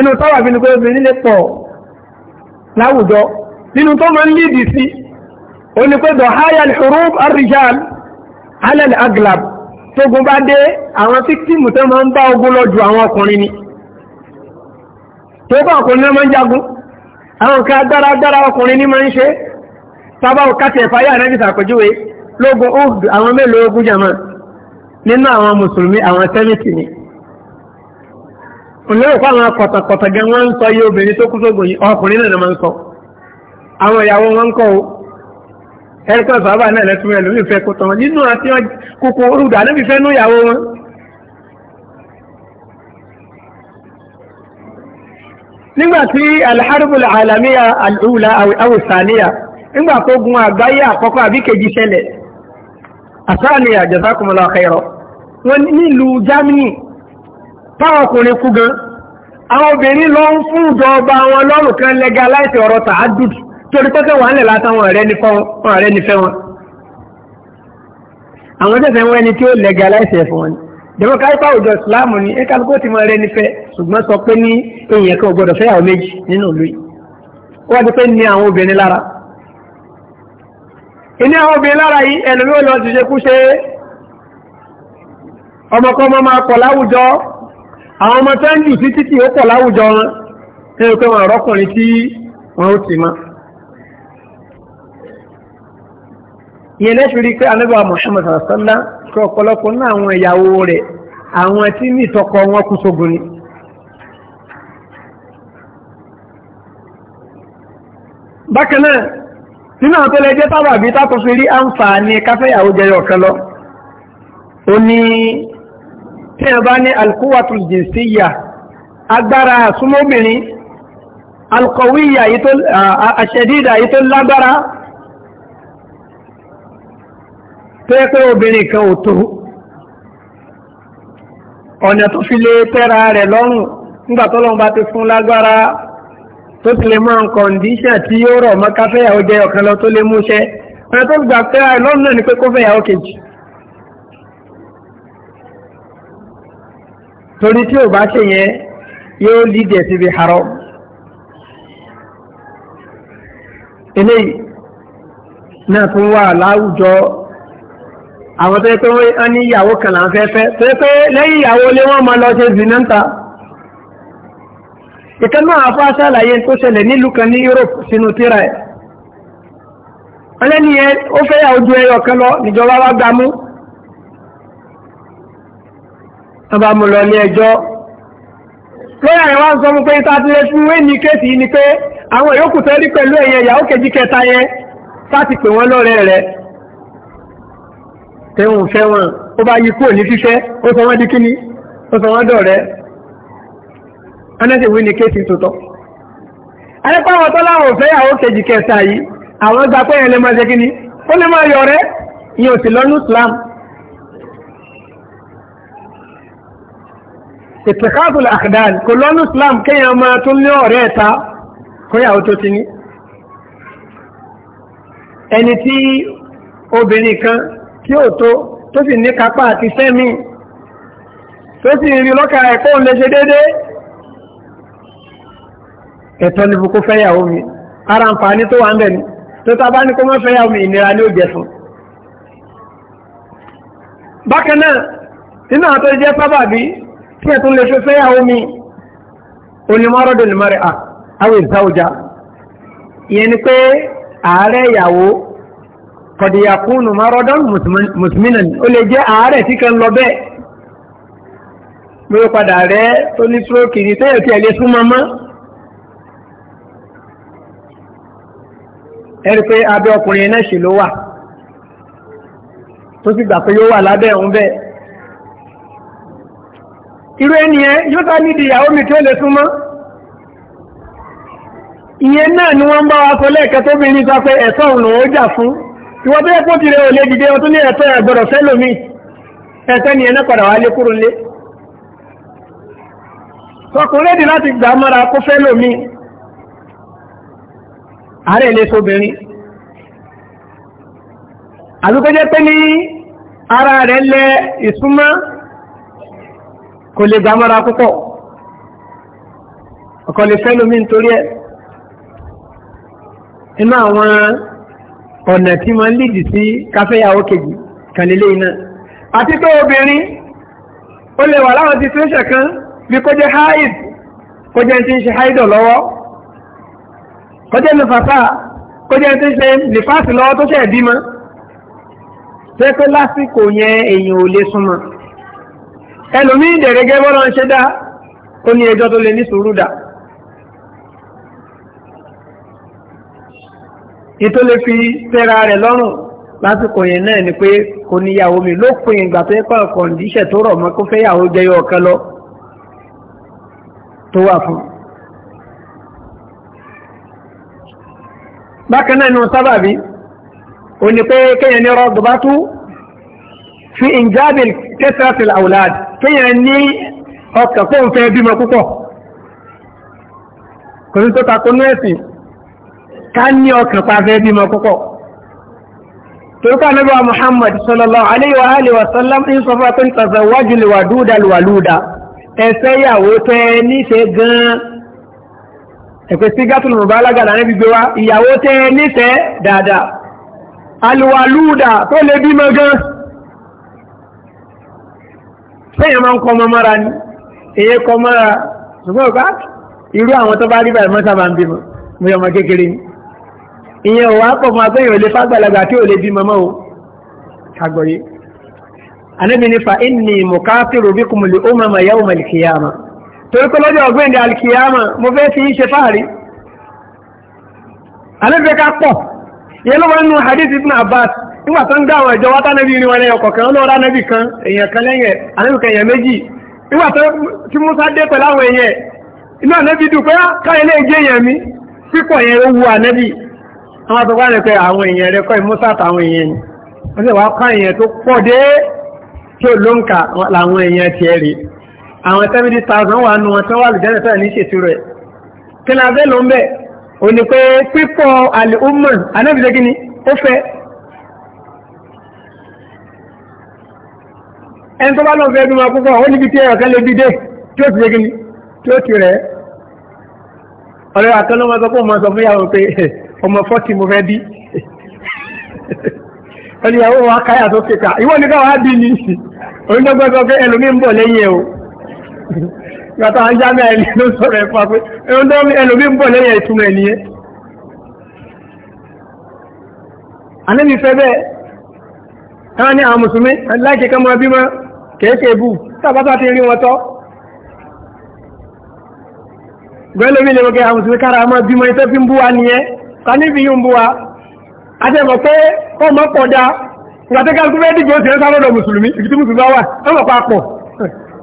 inú tọ́wà bí ní pé obìnrin lè pọ̀ láwùjọ nínú tó máa ń lìdì sí o ní pé dọ̀ hayal hurub arrijal alal aglab tógun bá dé àwọn fíktìmù tó máa ń bá ogun lọ àwọn ọkùnrin ni tó bá ọkùnrin náà máa ń jagun àwọn nǹkan dáradára ọkùnrin ní máa ń ṣe sábà kàtì ẹ̀fà yà náà fi sàpèjúwe lógun ogun àwọn mélòó ogun jama nínú àwọn mùsùlùmí àwọn sẹ́mìtì ni òlérò fún àwọn kọ̀tàkọ̀tà gan wọ́n ń sọ iye obìnrin tó kú sógun yìí ọkùnrin náà máa ń sọ àwọn ìyàwó wọn kọ́ o ẹ̀ríkọ́ sábà náà lẹ́tún ẹ̀ lómi ìfẹ́ kó tán nínú àti kókó orúdà níbi ìfẹ́ nú ìyàwó wọn. nígbà tí alhárùbùl àlàmíyà àlùhùlà àwùsàníyà nígbà tó gun àgbáyé àkọ́kọ́ àbí kejì àsáàníyà táwọn ọkùnrin kú gan àwọn obìnrin lọ ń fún ìjọba wọn lọ́rùn kan legalize ọ̀rọ̀ tààdùd torí pé kẹwàá ńlẹ̀ látàwọn ọ̀rẹ́ ní fẹ́ wọn àwọn tẹ̀sẹ̀ wọn ẹni tí ó legalize ẹ̀fọ́ wọn jẹ́mọ́ káyípa òjò ìsìláàmù ni ẹkàlùkò ti máa rẹ nífẹ́ ṣùgbọ́n sọ pé ní èèyàn kan gbọ́dọ̀ fẹ́yàwó méjì nínú ìlú yìí ó wá ti pé àwọn obìnrin lára àwọn obìnrin lára yìí ẹlòmíì lọ ṣe kú ṣe máa pọ̀ láwùjọ àwọn ọmọ tó ń jù sí títì ó pọ̀ láwùjọ wọn ní ọkọ̀ wọn àrọ́kùnrin tí wọ́n ó ti mọ́ ìyẹn lẹ́fìrí pé anábà Muhammad sallá kí ọ̀pọ̀lọpọ̀ náà àwọn ìyàwó rẹ̀ àwọn tí ní ìtọ́kọ wọn kú sógun ni bákan nínú àwọn tó lè jẹ́ tábàbí tátọ́ fi rí àǹfààní káfẹ́yàwó jẹyọ kan lọ ó ní tí a bá ní alkuwatul jinsiyya agbára súnmọ́bìnrin alkọ̀wíyà àṣẹdídà yìí tó lágbára tó yẹ pé obìnrin kan ò tó ọ̀nà tó fi lè tẹ́ra rẹ̀ lọ́rùn nígbà tọ́lọ́run bá ti fún lágbára tó ti lè máa ń tí yóò rọ̀ mọ́ káfẹ́yàwó jẹ́ ọ̀kan lọ tó lè múṣẹ́ ọ̀nà tó gbà pé lọ́rùn náà ni pé kó fẹ́yàwó kejì torí tí ò bá ṣe yẹn yóò lídẹ̀ síbi haram eléyìí náà tún wà láwùjọ àwọn tó yẹ pé wọ́n ní ìyàwó kan là ń fẹ́ fẹ́ tó yẹ pé lẹ́yìn ìyàwó lé wọ́n máa lọ ṣe zìnà ń ta ìkan náà afọ́ aṣàlàyé tó ṣẹlẹ̀ nílùú kan ní Europe sínú tíra ẹ̀ ọlẹ́ni yẹn ó fẹ́ yà ojú ẹyọ kan lọ níjọba wá gbámú wọ́n bá mú lọ ní ẹjọ́ lọ́yà rẹ̀ wá ń sọ mú pé ìtàtílẹ̀ fún wé ní kéèsì yìí ni pé àwọn ìyókù tó rí pẹ̀lú ẹ̀yẹ ìyàwó kejì kẹta yẹn láti pè wọ́n lọ́rẹ́ rẹ̀ tẹ́wọ̀n fẹ́ wọn ó bá yí kúrò ní fífẹ́ ó sọ wọ́n di kíní ó sọ wọ́n dọ̀rẹ́ anẹ́sẹ̀ wé ní kéèsì tòótọ́ alẹ́pàwọ̀ tó láwọn òfẹ́ ìyàwó kejì kẹta yìí àwọn gbapẹ́ yẹn lè máa ṣe kíní ó lè máa yọ̀rẹ́ ìyẹn ò sì Islam ìtẹ̀káfùlù àkàdán kò lọ́nù Islam kéèyàn máa tún lé ọ̀rẹ́ ẹ̀ta kóyàwó tó ti ní ẹni tí obìnrin kan tí ó tó tó sì ní kápá àti sẹ́mi tó sì rí lọ́kà ẹ̀kọ́ òun lè ṣe dédé ẹ̀tọ́ ni bukú fẹ́yàwó mi ara àǹfààní tó wà ń bẹ̀ ni tó tá ní kó mọ́ fẹ́yàwó mi ìnira ní òjẹ̀ fún bákan nínú àwọn sábàbí tí ẹ̀ tún lè fẹ́ fẹ́yàwó mi onímọ̀rọ̀dọ̀ ni mọ̀rẹ̀ àwọn ìzáwọ́já ìyẹn ni pé ààrẹ ìyàwó kọ̀dìyàkúnù mọ̀rọ̀dọ̀ mùsùlùmí ó lè jẹ́ ààrẹ tí kan lọ bẹ́ẹ̀ lórí padà rẹ tó ní stroke ní tẹ́yẹ̀ tí ẹ̀ lè súnmọ́ mọ́ ẹ̀rí tó sì gbà pé yóò wà lábẹ́ òun bẹ́ẹ̀ irú ẹniyẹn yóò tá nídi ìyàwó mi tó lè súnmọ́ ìyẹn náà ni wọ́n bá wa sọ lẹ́ẹ̀kẹ́ tó bí nípa pé ẹ̀tọ́ òun lòó jà fún ìwọ́n tó yẹ kó ti rẹ̀ ò lè dìde ọtún ní ẹ̀tọ́ ẹ̀ gbọ́dọ̀ fẹ́lòmí ẹ̀tẹ́ nìyẹn náà padà wálé kúrò lé tọkùnrin láti gbà mọ́ra kó fẹ́lòmí ààrẹ ilé sóbìnrin àbíkọ́jẹ́ pé ní ara rẹ̀ lẹ ìsúnmọ́ kò lè gbàmọ́ra púpọ̀ ọ̀kan lè fẹ́ lómi nítorí ẹ̀ inú àwọn ọ̀nà tí wọ́n ń lìdì sí káfẹ́yàwó kejì kàlélé iná àti tó obìnrin ó lè wà láwọn ti fẹ́ṣẹ̀ kan bí kó jẹ́ haid kó jẹ́ ti ń ṣe haidọ̀ lọ́wọ́ kó jẹ́ nufasa kó jẹ́ ti ń ṣe nifasi lọ́wọ́ tó ṣẹ̀ bímọ tẹ́ pé lásìkò yẹn èèyàn ò lè súnmọ́ ẹlòmí ìdẹ̀rẹ̀gẹ́ bọ́lá ń ṣe dá ó ní ẹjọ́ tó lè ní sùúrù dá ètò lè fi tẹ́ra rẹ̀ lọ́rùn lásìkò yẹn náà ni pé kò níyàwó mi lópin ìgbà tó yẹ pọ̀ kọ̀ǹdíṣẹ̀ tó rọ̀ mọ́ kó fẹ́ yàwó jẹyọ ọ̀kan lọ tó wà fún bákan náà ni wọn sábà bí pé kéèyàn ní rọgbọbátú fi ìjábìl kẹsàtìl àwùlád kéèyàn ní ọkàn fóun fẹ́ bímọ púpọ̀ kò ní tó takò ní ẹ̀sìn ká ní ọkàn pa fẹ́ bímọ púpọ̀ torípa níbi wa Muhammad sallallahu alayhi wa alihi wa sallam ń sọ fún akẹ́ni tazawwaju liwaduda liwaluda ẹsẹ́ ìyàwó tẹ́ tó lè bímọ gan sẹ́yìn máa ń kọ́ ọmọ mọ́ra ni èyí kọ́ mọ́ra ṣùgbọ́n ọ̀gá irú àwọn tó bá rí báyìí mọ́sá máa ń bímọ mo yọ ọmọ kékeré ni ìyẹn ò wá pọ̀ mọ́ abẹ́yìn ò lè fàgbàlagbà tí ò lè bímọ mọ́ o ṣàgbọ̀yé anábì ní fa inni mukafiru bikum li umama yawma al-qiyama torí pé lọ́jọ́ ọ̀gbìn di mo fẹ́ fi ń ṣe fáàrí anábì ká pọ̀ yẹn ló wọ́n nínú hadith ibn abbas nígbà tó ń dá àwọn ìjọ wátá nẹ́bí rí wọn lẹ́yìn ọkọ̀ kan lọ́ra nẹ́bí kan èèyàn kan lẹ́yìn ànẹ́bí kan èèyàn méjì nígbà tó tí musa dé pẹ̀lú àwọn èèyàn inú ànẹ́bí dùn pé ah, káyọ̀ lè gé èèyàn mi pípọ̀ yẹn ó wu ànẹ́bí àwọn àtọ́gbà rẹ̀ pé àwọn èèyàn rẹ̀ kọ́ musa àtàwọn èèyàn ni wọ́n sì wá ká èèyàn tó pọ̀ dé tí ó ló ń kà làwọn èèyàn tiẹ̀ rè àwọn seventy thousand wà nù wọn tí wọ́n wà lùjẹ́ ó ní pé pípọ̀ àlùmọ̀ anábìsẹ́ kí ni ó fẹ́ ẹni tó bá lọ fẹ́ bí wọn púpọ̀ ó níbi tí ẹ̀rọ kan lè dìde tí ó ti ṣe kí ni tí ó ti rẹ̀ ọ̀rẹ́ àkànlọ́ máa sọ pé òun sọ ọmọ fọ́tì mo fẹ́ bí <laughs> <laughs> gbàtà ajá náà ẹni ló sọ̀rọ̀ ẹ̀fọ́ pé ẹ̀hún tó ẹlòmí ń bọ̀ lẹ́yìn ìtumọ̀ ẹ̀ nìyẹn. àníbi fẹ́ bẹ́ẹ̀ táwọn ní àwọn mùsùlùmí láìkè kán máa bímọ kéèké bù ti rí wọn tọ́. gbẹ́lómi lè wọ́n kẹ́ àwọn mùsùlùmí kára máa bímọ fi ń bú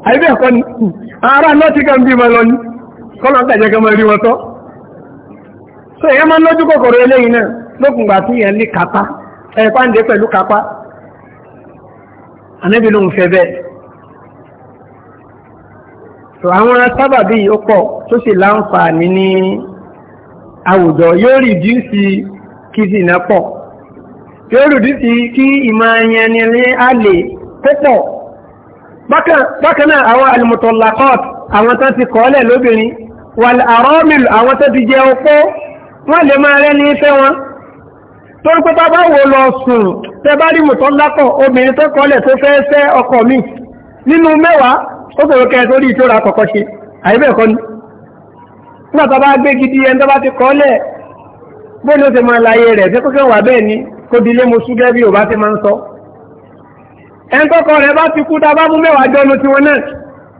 àìbí ẹ̀kọ́ ni ara náà ti kàn bí ma lọ ní kọ́nà àtàjẹ́ kan máa rí wọn tọ́ so èyàn máa ń lójú kòkòrò eléyìí náà lókun gbà tí yẹn ní kápá ẹ̀pá ń dé pẹ̀lú kápá ànábì ló ń fẹ́ bẹ́ẹ̀ so àwọn sábàbí ó pọ̀ tó sì láǹfààní ní àwùjọ yóò rìdíùsì kí zìnà pọ̀ yóò rìdíùsì kí ìmọ̀ ẹ̀yẹn ni a lè pẹ́pọ̀ bákan náà àwọn almutallaqat àwọn tó ti kọ́ọ́lẹ̀ lóbìnrin wal aramil àwọn tó ti jẹ opó wọ́n lè máa rẹ́ ní ìfẹ́ wọn tó rí pé bá wo lọ sùn tẹ bá rí mutallaqo obìnrin tó kọ́ọ́lẹ̀ tó fẹ́ fẹ́ ọkọ mi nínú mẹ́wàá ó fòrò kẹ́ tó ẹn tọ́kọ rẹ̀ bá ti kú ta bá mú mẹ́wàá jọnu ti wọn náà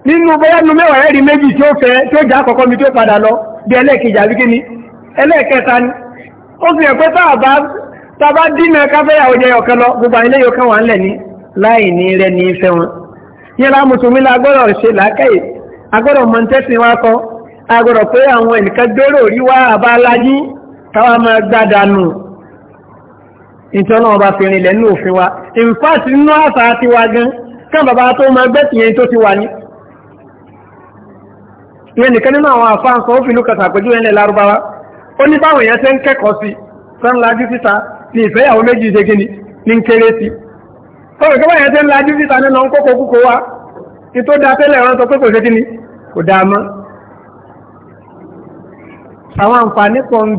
nínú bóyá nu mẹ́wàá ẹ̀rí méjì tí ó fẹ́ tí ó já àkọ́kọ́ mi tí ó padà lọ bí ẹlẹ́ẹ̀kejì àbí kíni ẹlẹ́ẹ̀kẹta ni ó fi hàn pé táàbá tábá dínà káfẹ́yàwó jẹ́ ọ̀kan lọ gbogbo àyínlẹ́ yóò kàn wá ń lẹ̀ ní láì ní rẹ̀ ní ìfẹ́ in fact nínú àṣà ti wà gan kán bàbá tó máa gbẹ́sì yẹn tó ti wà ní ìyẹn nìkan nínú àwọn àfáànsọ ó fi ló kàtà pẹ̀lú ẹ̀lẹ́ lárúbáwá ó ní báwọn èèyàn ṣe ń kẹ́kọ̀ọ́ sí sán lajú síta ní ìfẹ́yàwó méjì ṣe gíní ní kéré sí ọ̀rọ̀ kí wọ́n yẹn ṣe ń lajú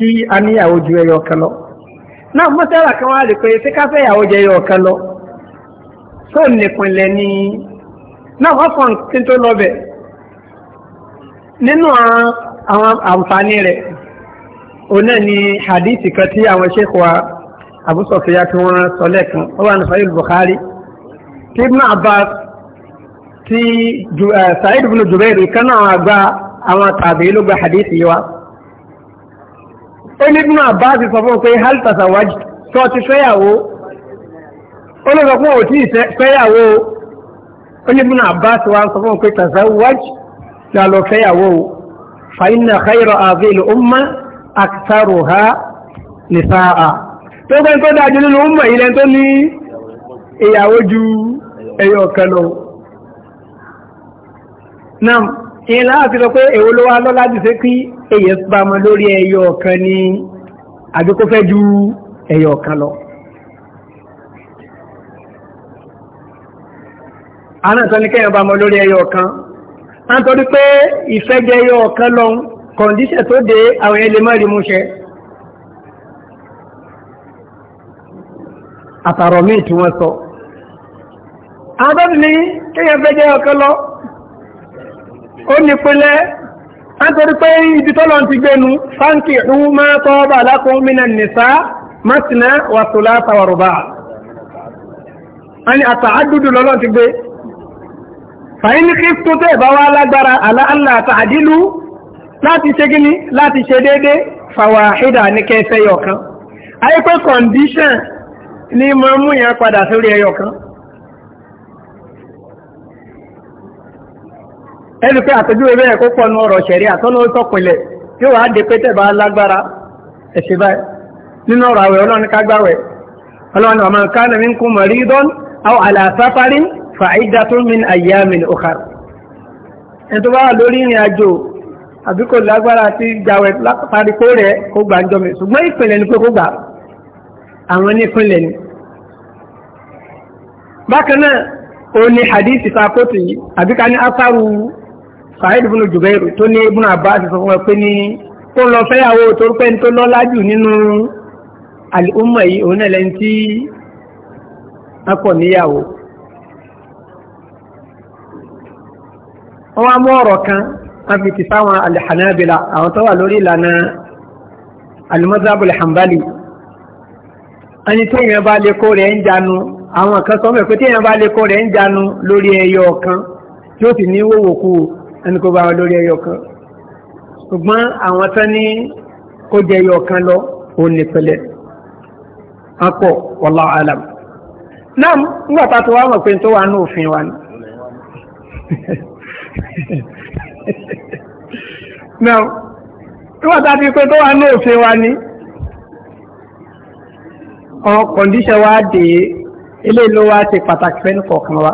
kí a níyàwó ju ẹyọ kan lọ náà mọ́sára kan wá rí pé ṣé ká fẹ́ ìyàwó jẹyọ ọ̀kan lọ tó nìpínlẹ̀ ni náà wọ́n fọ́n tí tó lọ bẹ̀ nínú àwọn àǹfààní rẹ̀ òun náà ni hadithi kan tí àwọn sheikh wa Abu Sufyan tí wọ́n sọ lẹ́ẹ̀kan ó wà ní Sahih Bukhari tí Ibn Abbas tí eh, Sa'id ibn Jubair kan náà àgbà àwọn tàbí ló gba hadithi yìí wa. ó ní bí máa sọ fún pé hálítàsà wájú tó ti fẹ́yàwó ó ló sọ fún òtí fẹ́yàwó ó ní bí wá sọ fún pé umma nisaa tó gbé tó dájú nínú umma ilẹ̀ tó ní ìyàwó ju ẹyọ ìyẹn láà fi lọ pé èwo ló wá lọ́lá jù sí kí èyẹ bá mọ lórí ẹyọ ọ̀kan ni àbí kó fẹ́ ju ẹyọ ọ̀kan lọ. àná ìtọ́ ní kẹ́yìn bá mọ lórí ẹyọ ọ̀kan a pé ìfẹ́ jẹ ẹyọ ọ̀kan lọ kọ̀ǹdíṣẹ̀ tó dé àwọn ẹlẹ́ má rí àtàrọ̀ míì tí wọ́n sọ. àwọn tó ti ní kẹ́yìn fẹ́ jẹ ọ̀kan lọ ó nípínlẹ̀ nítorí pé ibi tọ́lọ̀ ti gbénu fáǹkì ìhú máa tọ́ bà lákùn mínà nìsá mọ́sìnà wà tòlá tàwàrùbá. a ni àtàádùdù lọ́lọ́ ti gbé fàyín ní kí tó tẹ́ bá wá lágbára aláàlá àtàádìlú láti ṣe gíní láti ṣe déédé fàwà ìdà ní kẹfẹ́ yọ̀kan ayé pé ni mọ́ mú yẹn padà sórí ẹyọ̀kan ẹni pé àpèjúwe bẹ́ẹ̀ kó pọ̀ nu ọ̀rọ̀ ṣẹ̀rí àtọ́lọ́ tọ́pìnlẹ̀ tí ó wà á di pé tẹ̀ bá lágbára ẹ̀ṣẹ̀ báyìí nínú ọ̀rọ̀ àwẹ̀ ọlọ́run ká gbàwẹ̀ ọlọ́run ọmọ nǹkan náà ń kún mọ̀rí dán Sa'id ibn Jubair tó ní ibn Abbas sọ fún ẹ pé ní kó lọ fẹ́yàwó torí pé ní tó lọ́lá jù nínú àlùmọ̀ yìí òun náà lẹ́ni tí a kọ̀ níyàwó. mú kan a fi ti sáwọn alìhànábìlà àwọn tó wà lórí ìlànà alimọ́sábùlì hàmbálì ẹni tí èèyàn bá lè kó ń janu àwọn kan sọ mẹ́ pé tí bá lè kó ń lórí ẹni kó bá wọn lórí ẹyọ kan ṣùgbọ́n àwọn tán ní kó jẹ ẹyọ kan lọ òun nìpẹ̀lẹ̀ akọ wallahu alam náà nígbà tá a ti wá mọ̀ pé tó wà ní òfin wa ni. <laughs> náà nígbà tá a ti pé tó wà ní òfin wa ni ọ̀ kọ̀ǹdíṣẹ̀ wa dé eléyìí ló wá ṣe pàtàkì fẹ́ni kọ̀ọ̀kan wa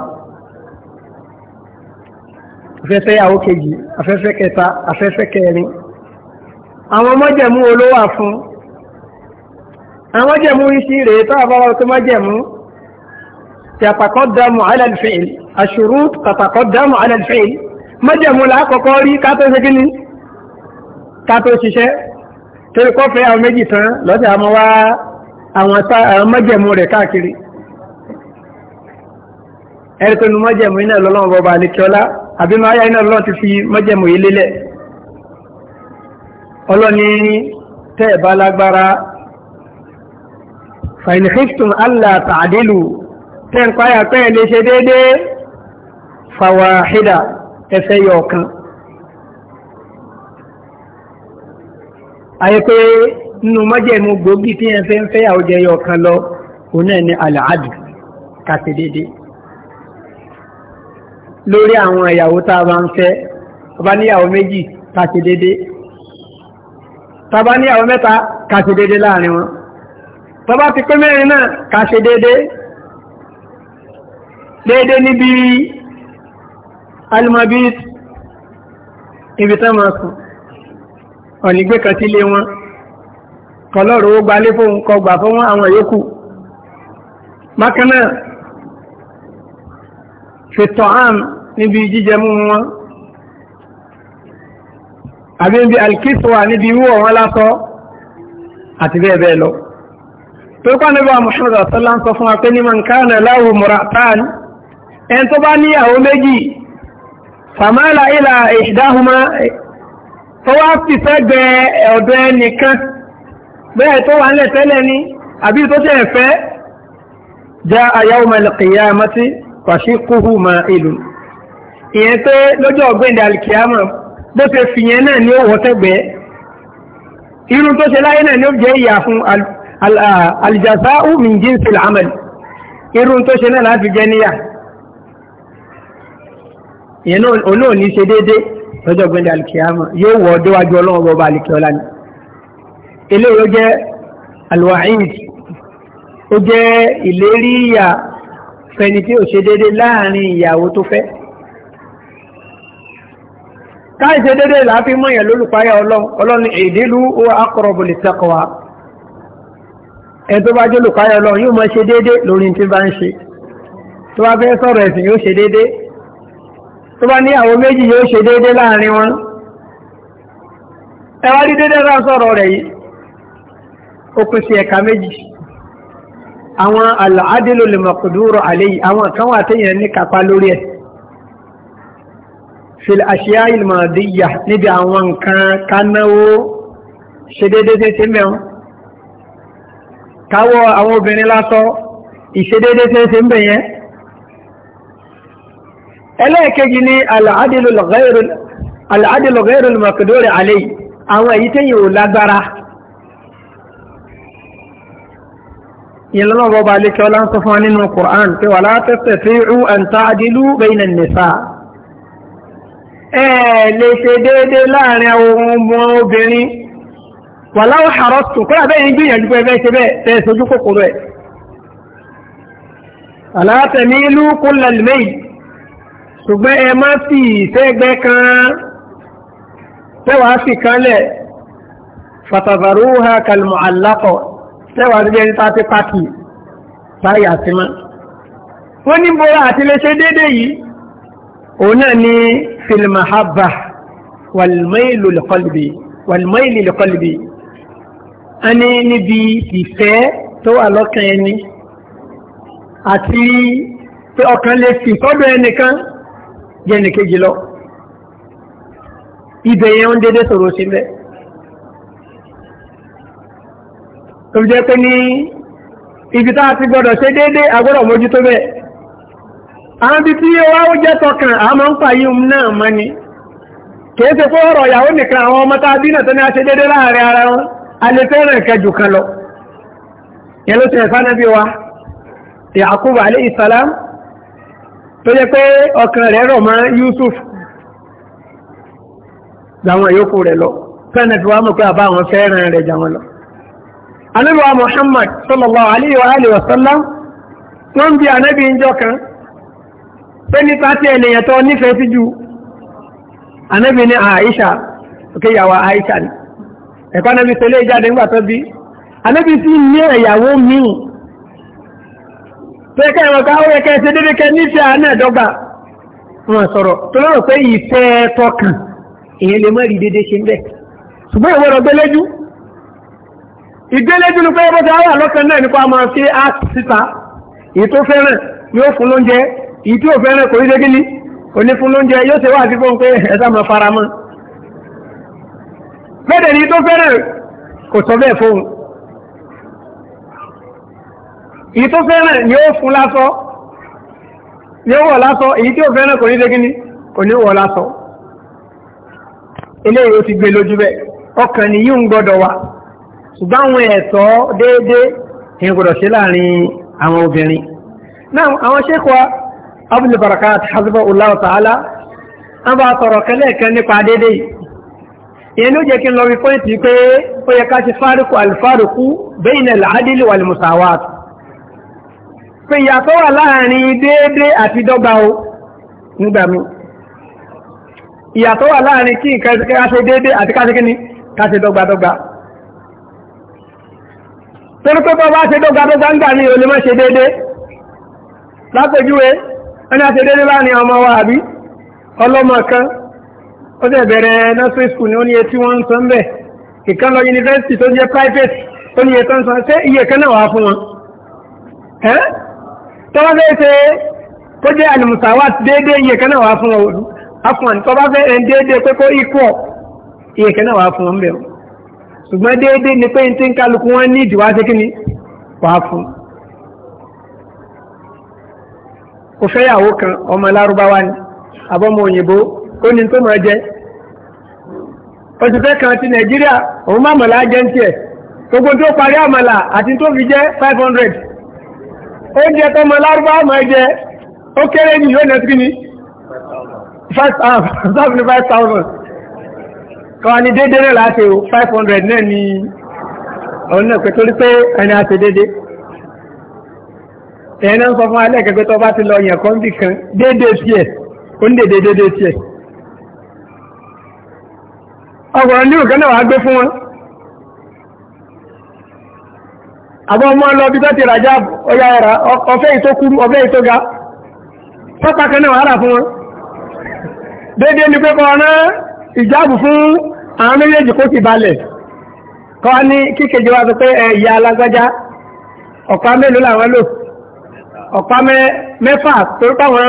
afẹ́fẹ́ yàwó kejì afẹ́fẹ́ kẹta afẹ́fẹ́ kẹrin àwọn mọ́jẹ̀mú olówà fún àwọn mọ́jẹ̀mú iṣẹ́ rẹ̀ tó àbára tó mọ́jẹ̀mú tàtàkọ́dàmù ala al-fi'l ash-shurut tàtàkọ́dàmù ala al-fi'l mọ́jẹ̀mú lákọ̀ọ́kọ́ rí kátó ṣe kíní kátó ṣiṣẹ́ torí kọ́fẹ́ àwọn méjì tán lọ́sẹ̀ àmọ́ àbí máa yá iná ọlọ́run ti fi mọ́jẹ̀mù yìí lélẹ̀ ọlọ́ni tẹ́ ẹ̀ bá lágbára fàìní hifton allah tàdílù tẹ́ ń páyà pé ẹ̀ lè ṣe déédé fàwàhídà ẹfẹ́ yọ ọ̀kan ayé pé nínú mọ́jẹ̀mù gbòógì tí ẹ fẹ́ ń fẹ́ àwùjẹ yọ ọ̀kan lọ òun náà ni àlàádù lórí àwọn ìyàwó tá a bá ń fẹ́ ọba níyàwó méjì ká ṣe dédé tàbá níyàwó mẹ́ta ká ṣe dédé láàrin wọn tọba ti pé mẹ́rin náà ká ṣe dédé dédé níbi almabit ibi tán máa sùn ọ̀nìgbé kan sílé wọn kọlọ́rọ̀ ó gbalé fóun kọgbà fún àwọn yòókù bákan fìtọ̀hán níbi jíjẹ mú wọn àbí níbi alkiswa níbi wíwọ̀ wọn lásọ àti bẹ́ẹ̀ bẹ́ẹ̀ lọ torípa níbi wa Muhammad asọ́lá ń sọ fún wa pé ní man kana lahu muratan ẹn tó bá níyàwó méjì famala ila ihdahuma tó wá fi fẹ́ gbẹ ọ̀dọ̀ ẹnìkan bẹ́ẹ̀ tó wà nílẹ̀ tẹ́lẹ̀ ni àbí tó ṣe ẹ̀fẹ́ jaa yawmal qiyamati fàṣíkúhù máa ìlú ìyẹn pé lọ́jọ́ ọ̀gbẹ́ndẹ̀ alìkìyàmọ̀ bó ṣe fìyẹn náà ní òwò tẹ́gbẹ́ irun tó ṣe láyé náà ní ó jẹ́ ìyà fún alìjàsá min jinsil amal irun tó ṣe náà láti jẹ́ níyà ìyẹn náà ní ṣe déédé lọ́jọ́ ọ̀gbẹ́ndẹ̀ alìkìyàmọ̀ fẹni tí ò ṣe déédé láàrin ìyàwó tó fẹ́ káì ṣe déédé láàfi mọ̀yàn lólùpáyà ọlọ́run ìdílú ó aqrabu lit-taqwa ẹ tó bá jólùpáyà ọlọ́run yóò máa ṣe déédé lórí tí bá ń ṣe tó bá fẹ́ sọ̀rọ̀ ẹ̀sìn yóò ṣe déédé tó bá níyàwó méjì yóò ṣe déédé láàrin wọn ẹwà rí déédé rán sọ̀rọ̀ rẹ̀ yìí ó pèsè ẹ̀ka méjì àwọn àlàádìlò lè mọ̀kùdúrò àléyìí àwọn kan wà téèyàn ní kápá lórí ẹ̀ fil àṣíyá ìlmọ̀díyà níbi àwọn nǹkan kánáwó ṣe déédéé ṣe mẹ́wọ́n káwọ́ àwọn obìnrin lásọ ìṣedéédéé ṣe ṣe ń bẹ̀yẹn ẹlẹ́ẹ̀kejì ni àlàádìlò gẹ́rù mọ̀kùdúrò àléyìí àwọn èyí téèyàn ò lágbára ìlọ́lọ́wọ́ bá lè kẹ́ọ́lá ń sọ fún wa nínú Qur'an pé wà látẹ́sẹ̀ fi rú ẹ̀ntà àdílú bẹ́ẹ̀nà nìsá ẹ̀ lè ṣe déédé láàrin ọmọ obìnrin wà láwọ́ àrọ́sù kọ́lá bẹ́ẹ̀ gbìyànjú pé bẹ́ẹ̀ ṣe bẹ́ẹ̀ tẹ́ tẹ́wàá sí ẹni tá a ti pàkì táyà sí mọ́. wọ́n ní bóra àti lè ṣe déédéé yìí òun náà ní fil mahabba wal maylu li qalbi wal a ní níbi ìfẹ́ tó wà lọ́kàn ẹni àti pé ọkàn lè fi kọ́dọ̀ ẹnìkan jẹ́ ẹnìkejì lọ ibẹ̀ yẹn ń déédéé sọ̀rọ̀ síbẹ̀. tó jẹ́ pé ní ibi tá a ti gbọ́dọ̀ ṣe déédé agbọ́dọ̀ mójútó bẹ́ẹ̀ àwọn ibi tí ó wá ó jẹ́ tọkàn àmọ́ ń fàyí náà mọ́ ni kìí ṣe pé ọ̀rọ̀ ìyàwó nìkan àwọn ọmọ tá a bí náà tó ní a ṣe déédé láàrin ara wọn a lè fẹ́ràn ìkẹjù kan lọ yẹn wa Yakubu alayhi salam anábíwá Muhammad sallallahu alayhi wa alayhi wa sallam wọ́n bí anábí ń jọ kan pé nípa tí ènìyàn tó nífẹ̀ẹ́ sí jù anábí ní Aisha òkè yàwó Aisha ni ẹ̀kọ́ anábí tó lé jáde ńgbà tó bí anábí sí ní ẹ̀yàwó míì pé kẹ́ ẹ̀rọ káwọ́ yẹ kẹ́ ẹ ṣe dédé kẹ́ nífẹ̀ẹ́ anáàdọ́gba wọn sọ̀rọ̀ tó lọ́rọ̀ pé ìfẹ́ tọkàn ìgbélẹ́jìnú pé bó ti ara lọ́kàn náà nípa máa fi áàtì síta èyí tó fẹ́ràn yóò fún lóúnjẹ èyí tí ò fẹ́ràn kò ní dé gíní kò ní fún lóúnjẹ yóò ṣe wá àti fún pé ẹ̀sà máa fara mọ́ bẹ́ẹ̀ ni tó fẹ́ràn kò sọ bẹ́ẹ̀ fóun èyí tó fẹ́ràn yóò fún lásọ yóò wọ̀ lásọ èyí tí ò fẹ́ràn kò ní dé gíní kò ní wọ̀ lásọ eléyìí ó ti gbé lójú bẹ́ẹ̀ ọkàn ni yóò ń gbọ́dọ̀ wà ṣùgbọ́n àwọn ẹ̀tọ́ déédéé ní gbọdọ̀ ṣe láàrin àwọn obìnrin náà àwọn ṣékọ́ Abdul Barakat Hafizahullah ta'ala wọ́n bá sọ̀rọ̀ kẹlẹ́ẹ̀kan nípa déédéé ìyẹn ló jẹ́ kí n lọ rí pọ́ìntì pé ó yẹ ká ṣe fárúkú alifárúkú bayna al-adli wal-musawat pé ìyàtọ̀ wà láàrin déédéé àti dọ́gba kí nǹkan ṣe déédéé àti káṣe kíni káṣe dọ́gbadọ́gba torí pé bọ́ bá ṣe dọ́gba dọ́gba ń ní olè má ṣe déédé lápèjúwe ẹni àti bá ní ọmọ wa àbí ọlọ́mọ kan ó dẹ̀ bẹ̀rẹ̀ nursery school ni ní iye tí wọ́n ń san bẹ̀ ìkan lọ yunifásitì tó jẹ́ private ó tó ń san ṣé iye kan náà wà fún wọn tó bá fẹ́ ṣe kó jẹ́ iye kan náà wà fún wọn afọ̀n tó bá ṣùgbọ́n déédéé ni pé n tí ń kálukú wọn ní ìdíwá sí kí ni wàá fún. kò fẹ́yàwó kan ọmọ lárúbáwá ni àbọ̀mọ òyìnbó ó ní tó máa jẹ. òṣìṣẹ́ kan ti nàìjíríà òun má mọ̀lá jẹ́ǹtì ẹ̀ gbogbo tó parí àmàlà àti tó fi jẹ́ five hundred. oúnjẹ tó mọ lárúbáwá máa jẹ ó kéré ní yóò nẹ́sìkì ni five thousand wọn ni déédéé náà láti o five hundred náà ni òun náà pé torí pé ẹni àti déédéé ẹ̀yẹn náà ń sọ fún alẹ́ tó bá ti lọ yàn kan bì kan déédéé tiẹ̀ ó ń déédéé déédéé tiẹ̀ ọkùnrin ní òkè náà wàá gbé fún wọn àbọ̀ ọmọ lọ bí ọya ẹ̀rà ọfẹ́ ìtó ọfẹ́ ìtó ga náà náà. ìjáàbù fún àwọn méjèèjì kó ti balẹ̀ kọ́ ní kíkèjì wa pé ẹ̀yà alágbájá ọ̀pá mélòó làwọn lò ọ̀pá mẹ́fà tó táwọn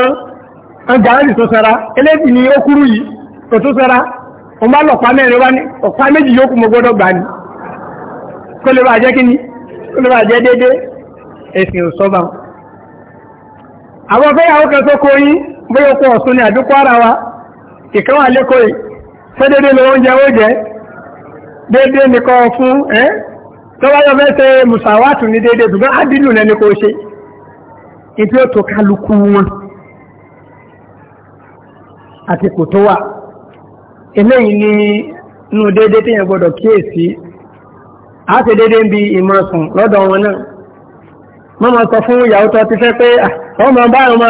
ọjà rẹ̀ tó sara eléyìí ni ó kúrú yìí tó lọ̀pá mẹ́rin wá ní ọ̀pá méjì yóò kú gbọ́dọ̀ gbà ní kó lè kí ni kó ṣé dédé lọ oúnjẹ ó jẹ́ dédé nìkan fún ẹ́ tó mẹ́sẹ̀ mùsàwátù ní dédé ṣùgbọ́n kò ibi ó tó kálukú wọn àti kò tó wà eléyìí ní inú dédé tí yẹn kíyèsí a ń bi ìmọ̀sùn lọ́dọ̀ wọn náà wọ́n máa sọ fún ìyàwó tó ti fẹ́ pé ah, ọmọ bá ọmọ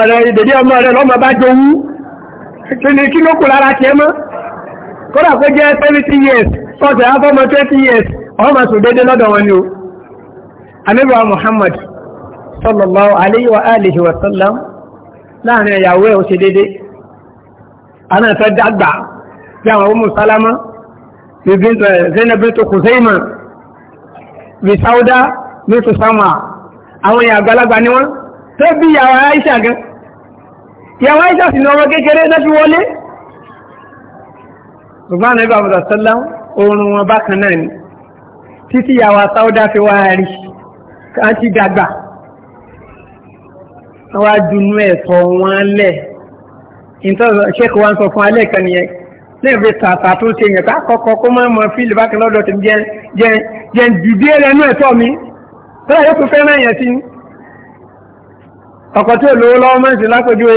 rẹ ọmọ kódà kó jẹ́ seventy years ọ̀sẹ̀ afọ́mọ 20 years ọ̀hún máa sùn déédéé lọ́dọ̀ wọn ni o. anábìwá Muhammad sallallahu alayhi wa alihi wa sallam láàrin ìyàwó ẹ̀ ó ṣe déédéé àná ìfẹ́ dàgbà bí àwọn ọmọ sálámà eh, Zainab bintu Khuzaima Sauda bintu Sam'a àwọn èèyàn àgbàlagbà ni wọ́n tó bí ìyàwó Aisha gan ìyàwó Aisha ṣùgbọ́n ànábì àbúrò sọ́lá oorun wọn bákan náà ni títí yàwó sáúdà fi wá rí kàn ti dàgbà wọ́n á dunú ẹ̀tọ́ wọn lẹ̀ ìtọ́jọ́ ṣéèkì wa ń sọ fún alẹ́ kan nìyẹn lẹ́ẹ̀fẹ́ tààtà tó ṣe yẹn kákọ́kọ́ kó má mọ fíìlì bákan lọ́dọ̀ tó jẹ́ jẹ́ mi tọ́lá yóò tún fẹ́ràn yẹn sí ọkọ̀ tí ò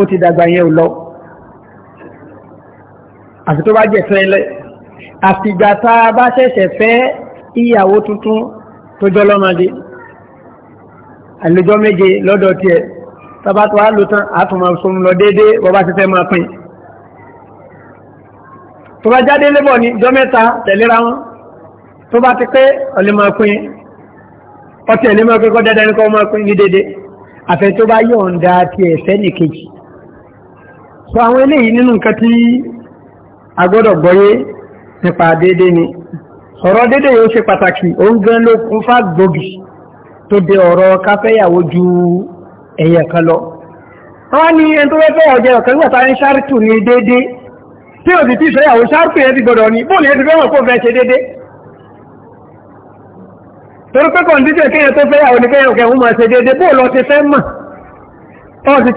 ó ti dàgbà yẹn ò lọ àti tó bá jẹ́ fẹ́ lẹ́ àfìgbà tá a bá ṣẹ̀ṣẹ̀ fẹ́ ìyàwó tuntun tó jọ lọ́mọdé àlejò méje lọ́dọ̀ tiẹ̀ tọba tó wá lò tán àtùmọ̀ sọmù lọ déédé wọ́n bá ti fẹ́ máa pín tó bá jáde lébọ̀ ní jọ mẹ́ta tẹ̀léra wọn tó bá ti pé ọ̀lẹ́ máa pín ọtí ẹ̀lẹ́ máa pín kọ́ dáadáa ní kọ́ máa pín ní déédé àfẹ́ tó bá yọ̀ǹda tiẹ̀ sẹ́nì kejì so àwọn eléyìí nínú nǹkan tí a gbọ́dọ̀ gbọ́yé nípa déédé ni ọ̀rọ̀ déédé yóò ṣe pàtàkì òun gan ló kún fà gbòógì tó de ọ̀rọ̀ káfẹ́yàwó ju ẹ̀yẹ kan lọ wọ́n ní ẹni tó fẹ́ ọ̀jẹ́ ọ̀kan nígbàtà ní ṣáàrìtù ní déédé tí ò sì tí ìfẹ́yàwó ṣáàrìtù yẹn ti gbọ́dọ̀ ní bóòlù yẹn ti fẹ́ mọ̀ kó fẹ́ ṣe déédé torí pé kọ̀ǹdíṣẹ̀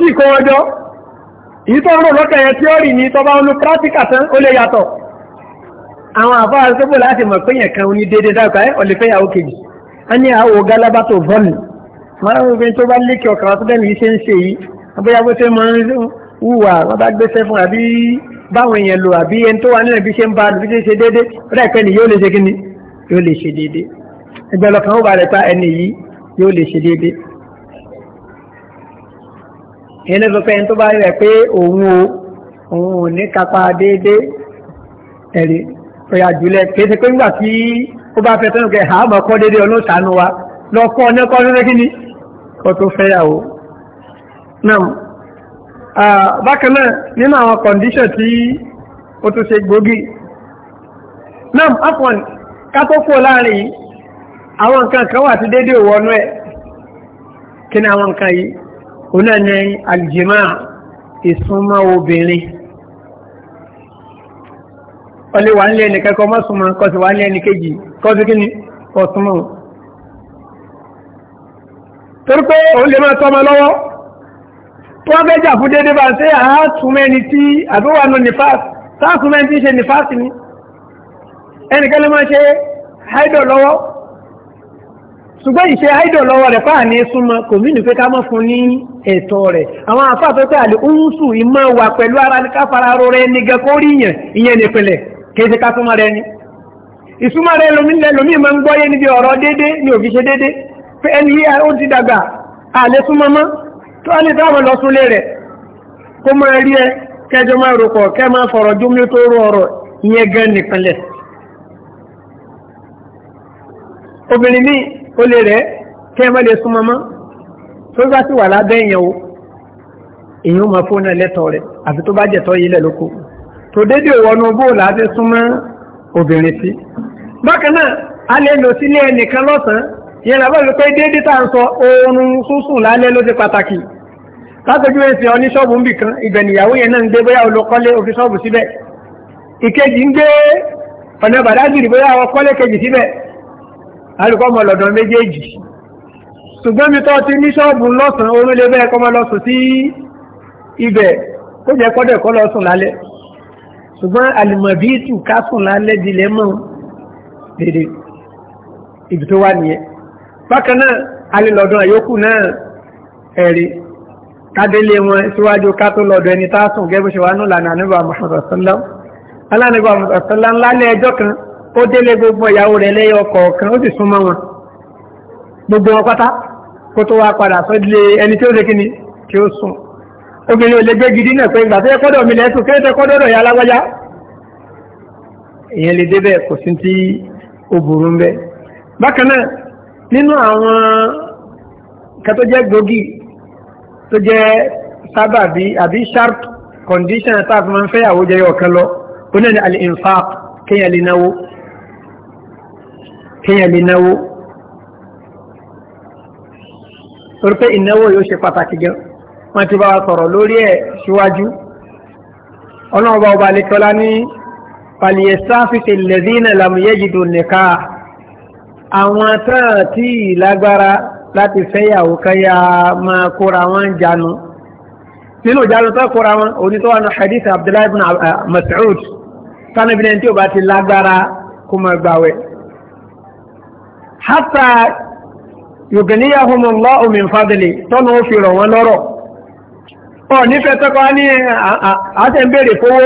kéèyàn tó èyí tó rò lọ́kàn yẹn tíọ́rì ní tọ́ba olú pírátíkà tán ó lè yàtọ̀ àwọn àfáà tó bò láti mọ̀ pé yẹn kan ní déédéé dáàbò ẹ ọ̀lẹ́fẹ́ yàwó kejì a ní àwò galaba tó bọ́ọ̀lù máa ń gbé tó bá lékè ọkàn wá tó bẹ́ẹ̀ ní ṣe ń ṣe yìí abóyá bó ṣe máa ń wùwà wọn ìyẹn ló sọ pé ẹni tó bá rẹ̀ pé òun o òun ò ní kápá déédéé ẹ̀rí ọ̀yà jùlẹ̀ kìí ṣe pé nígbà tí ó bá fẹ́ tẹ́lẹ̀ kẹ́ àmọ́ kọ́ déédéé ọlọ́sàánú wa lọ kọ́ ni kó tó fẹ́yàwó. bákan náà nínú àwọn kọ̀ǹdíṣọ̀ tí ó tún ṣe gbòógì náà kí ni àwọn nǹkan yìí òun náà ní aljima ìsúnmọ́ obìnrin ọlé wà nílé ẹnì kẹ́kọ̀ọ́ mọ́sùnmọ́ kọ́sì wà nílé ẹnì kejì kọ́sì kí ni ọ̀sùnmọ́ torí pé òun lè máa tọ́mọ lọ́wọ́ tó wọ́n fẹ́ jà fún dédé bá ń ṣe àátúmẹ́ni tí àbúwà nù nífàs sáàtúmẹ́ni tí ṣe nífàs ni ẹnìkan lè máa ṣe háìdọ̀ lọ́wọ́ ṣùgbọ́n ìṣe idol lọ́wọ́ rẹ̀ fáà ní súnmọ́ kò mí nìfẹ́ ká mọ́ fún ní ẹ̀tọ́ rẹ̀ àwọn àfáà tó pé àlè ń ìmọ̀ wà pẹ̀lú ara ní káfara ro rẹ̀ ní gẹ́kọ́ rí yẹn ìyẹn nìpìnlẹ̀ kéde ká súnmọ́ rẹ̀ ni ìsúnmọ́ rẹ̀ lomi lẹ̀ lomi ń gbọ́yé níbi ọ̀rọ̀ dédé ní òfin ṣe dédé obìnrin míì ó lè rẹ̀ kẹ́ ẹ má lè súnmọ́ mọ́ tó bá sì wà lábẹ́ èèyàn o èèyàn máa fóònù ẹlẹ́tọ̀ rẹ̀ àfi tó bá jẹ̀tọ́ yìí lẹ̀ lóko tó dédé wọnú bóòlù á fi súnmọ́ obìnrin sí. bákan náà a lè lò sílé ẹnìkan lọ́sàn-án yẹn làbọ̀ ló pé dédé tá à ń sọ oorun sùnsùn lálẹ́ ló ti pàtàkì oníṣọ́ọ̀bù ń bì kan nìyàwó yẹn náà ń gbé bóyá olùkọ́lé òfin ṣọ́ọ̀bù síbẹ̀ ìkejì ń gbé ọ̀nà bóyá ọkọ́lé kejì síbẹ̀ alùkọ́mọ lọ́dọ̀ méjèèjì ṣùgbọ́n mi tọ́ ti ní ṣọ́ọ̀bù lọ́sàn orílẹ̀ ẹgbẹ́ kọmọ lọ́sùn sí ibẹ̀ kó jẹ́ kọ́dẹ̀ kọ́ lọ́sùn lálẹ́ ṣùgbọ́n alìmọ̀bíìtù kásùn lálẹ́ dilẹ̀ mọ́ dèdè ibi tó wà nìyẹn bákan náà alìlọ́dún àyókù náà ẹ̀rí kádélé wọn síwájú ká tó lọ́dọ̀ ẹni tásùn gẹ́gbẹ́ṣẹ̀wánú lànà nígbà mọ̀ṣọ̀rọ̀ sọ́lá ó délé gbogbo ìyàwó rẹ̀ lẹ́yọ kọ̀ọ̀kan ó sì súnmọ́ wọn gbogbo wọn pátá kó tó wá padà sọ́dílé ẹni tí ó lè kí ni tí ó sùn obìnrin ò lè gbé gidi náà pé ìgbà tó yẹ kọ́dọ̀ mi lẹ́sùn kí ó tẹ kọ́dọ̀ ya lágbájá ìyẹn lè débẹ̀ kò sí tí ó burú ń bẹ bákan náà nínú àwọn kan tó jẹ́ gbòógì tó jẹ́ sábàbí àbí sharp condition tá a fi máa ń fẹ́yàwó jẹyọ kan lọ onílẹ̀ al kéèyàn lè náwó kéèyàn lè náwó torí pé ìnáwó yóò ṣe pàtàkì gan wọ́n ti bá wa sọ̀rọ̀ lórí ẹ̀ síwájú ọlọ́run bá ọba àlekọ́lá ní pàlìyẹ̀sáfìsì lẹ́dínà làmúyẹ́jìdò nìka àwọn tán tí lágbára láti fẹ́yàwó káyà máa kóra wọn jánu nínú ìjánu tó kóra wọn onítọ́wà náà hadith abdullahi ibn mas'ud tánàbìnrin tí ó bá ti lágbára kó máa gbàwẹ̀ hátà yògàníyàhùnmọ̀lá omin fadìlì tọ́nà ó fi rọ̀ wọn lọ́rọ̀ ọ̀ nífẹ́ tọ́kọ́ ní àtẹ̀bẹ̀rẹ̀ fowó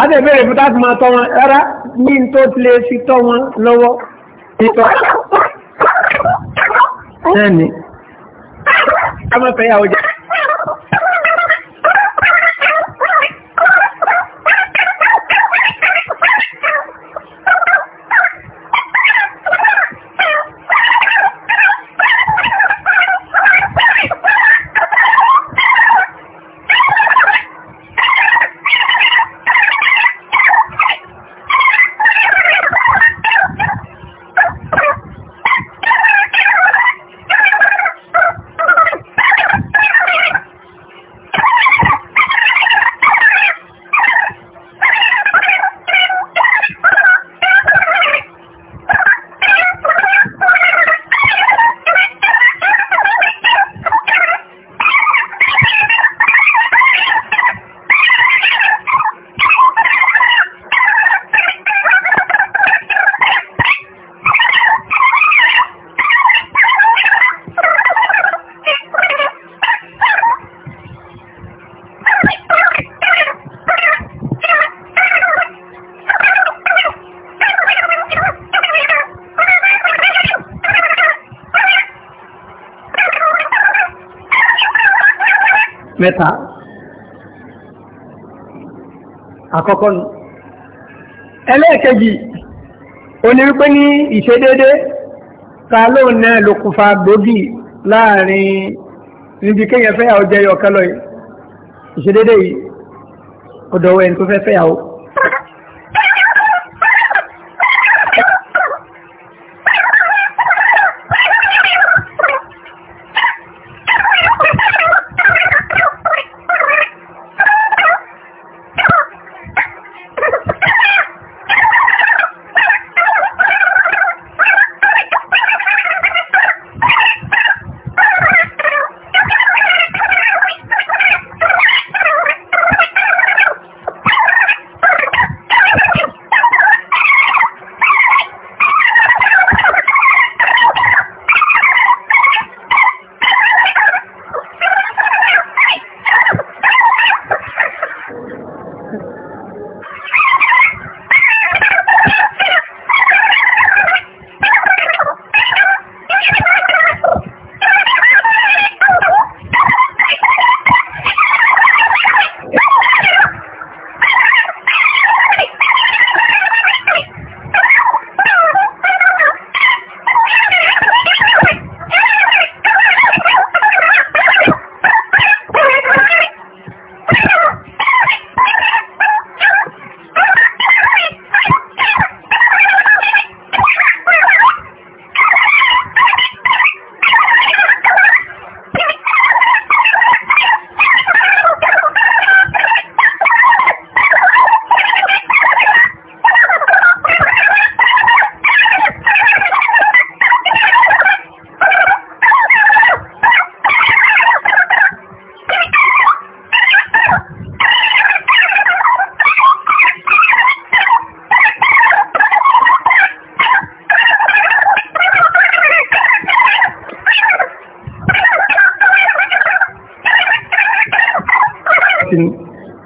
àtẹ̀bẹ̀rẹ̀ fún táti máa tọ́ wọn rárá ní tó tilé fi tọ́ wọn lọ́wọ́ ìtọ́ a mẹ́ta àkọ́kọ́ nù ẹlẹ́ẹ̀kejì onírúpé ní ìṣedédé ta lóun náà lókùnfà gbòógì láàrin níbi kéèyàn fẹ́yàwó jẹyọ ọ̀kan lọ yìí ìṣedédé yìí ọ̀dọ̀wọ̀ ẹni tó fẹ́ fẹ́yàwó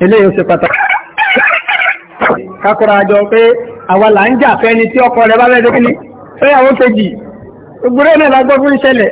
eléyìí ṣe pàtàkì kakura àjọ pé àwa là ń jà ni tí ọkọ rẹ̀ bá fẹ́ dé kíni fẹ́yàwó kejì gbogbo rẹ̀ náà lágbọ́ fún ìṣẹ̀lẹ̀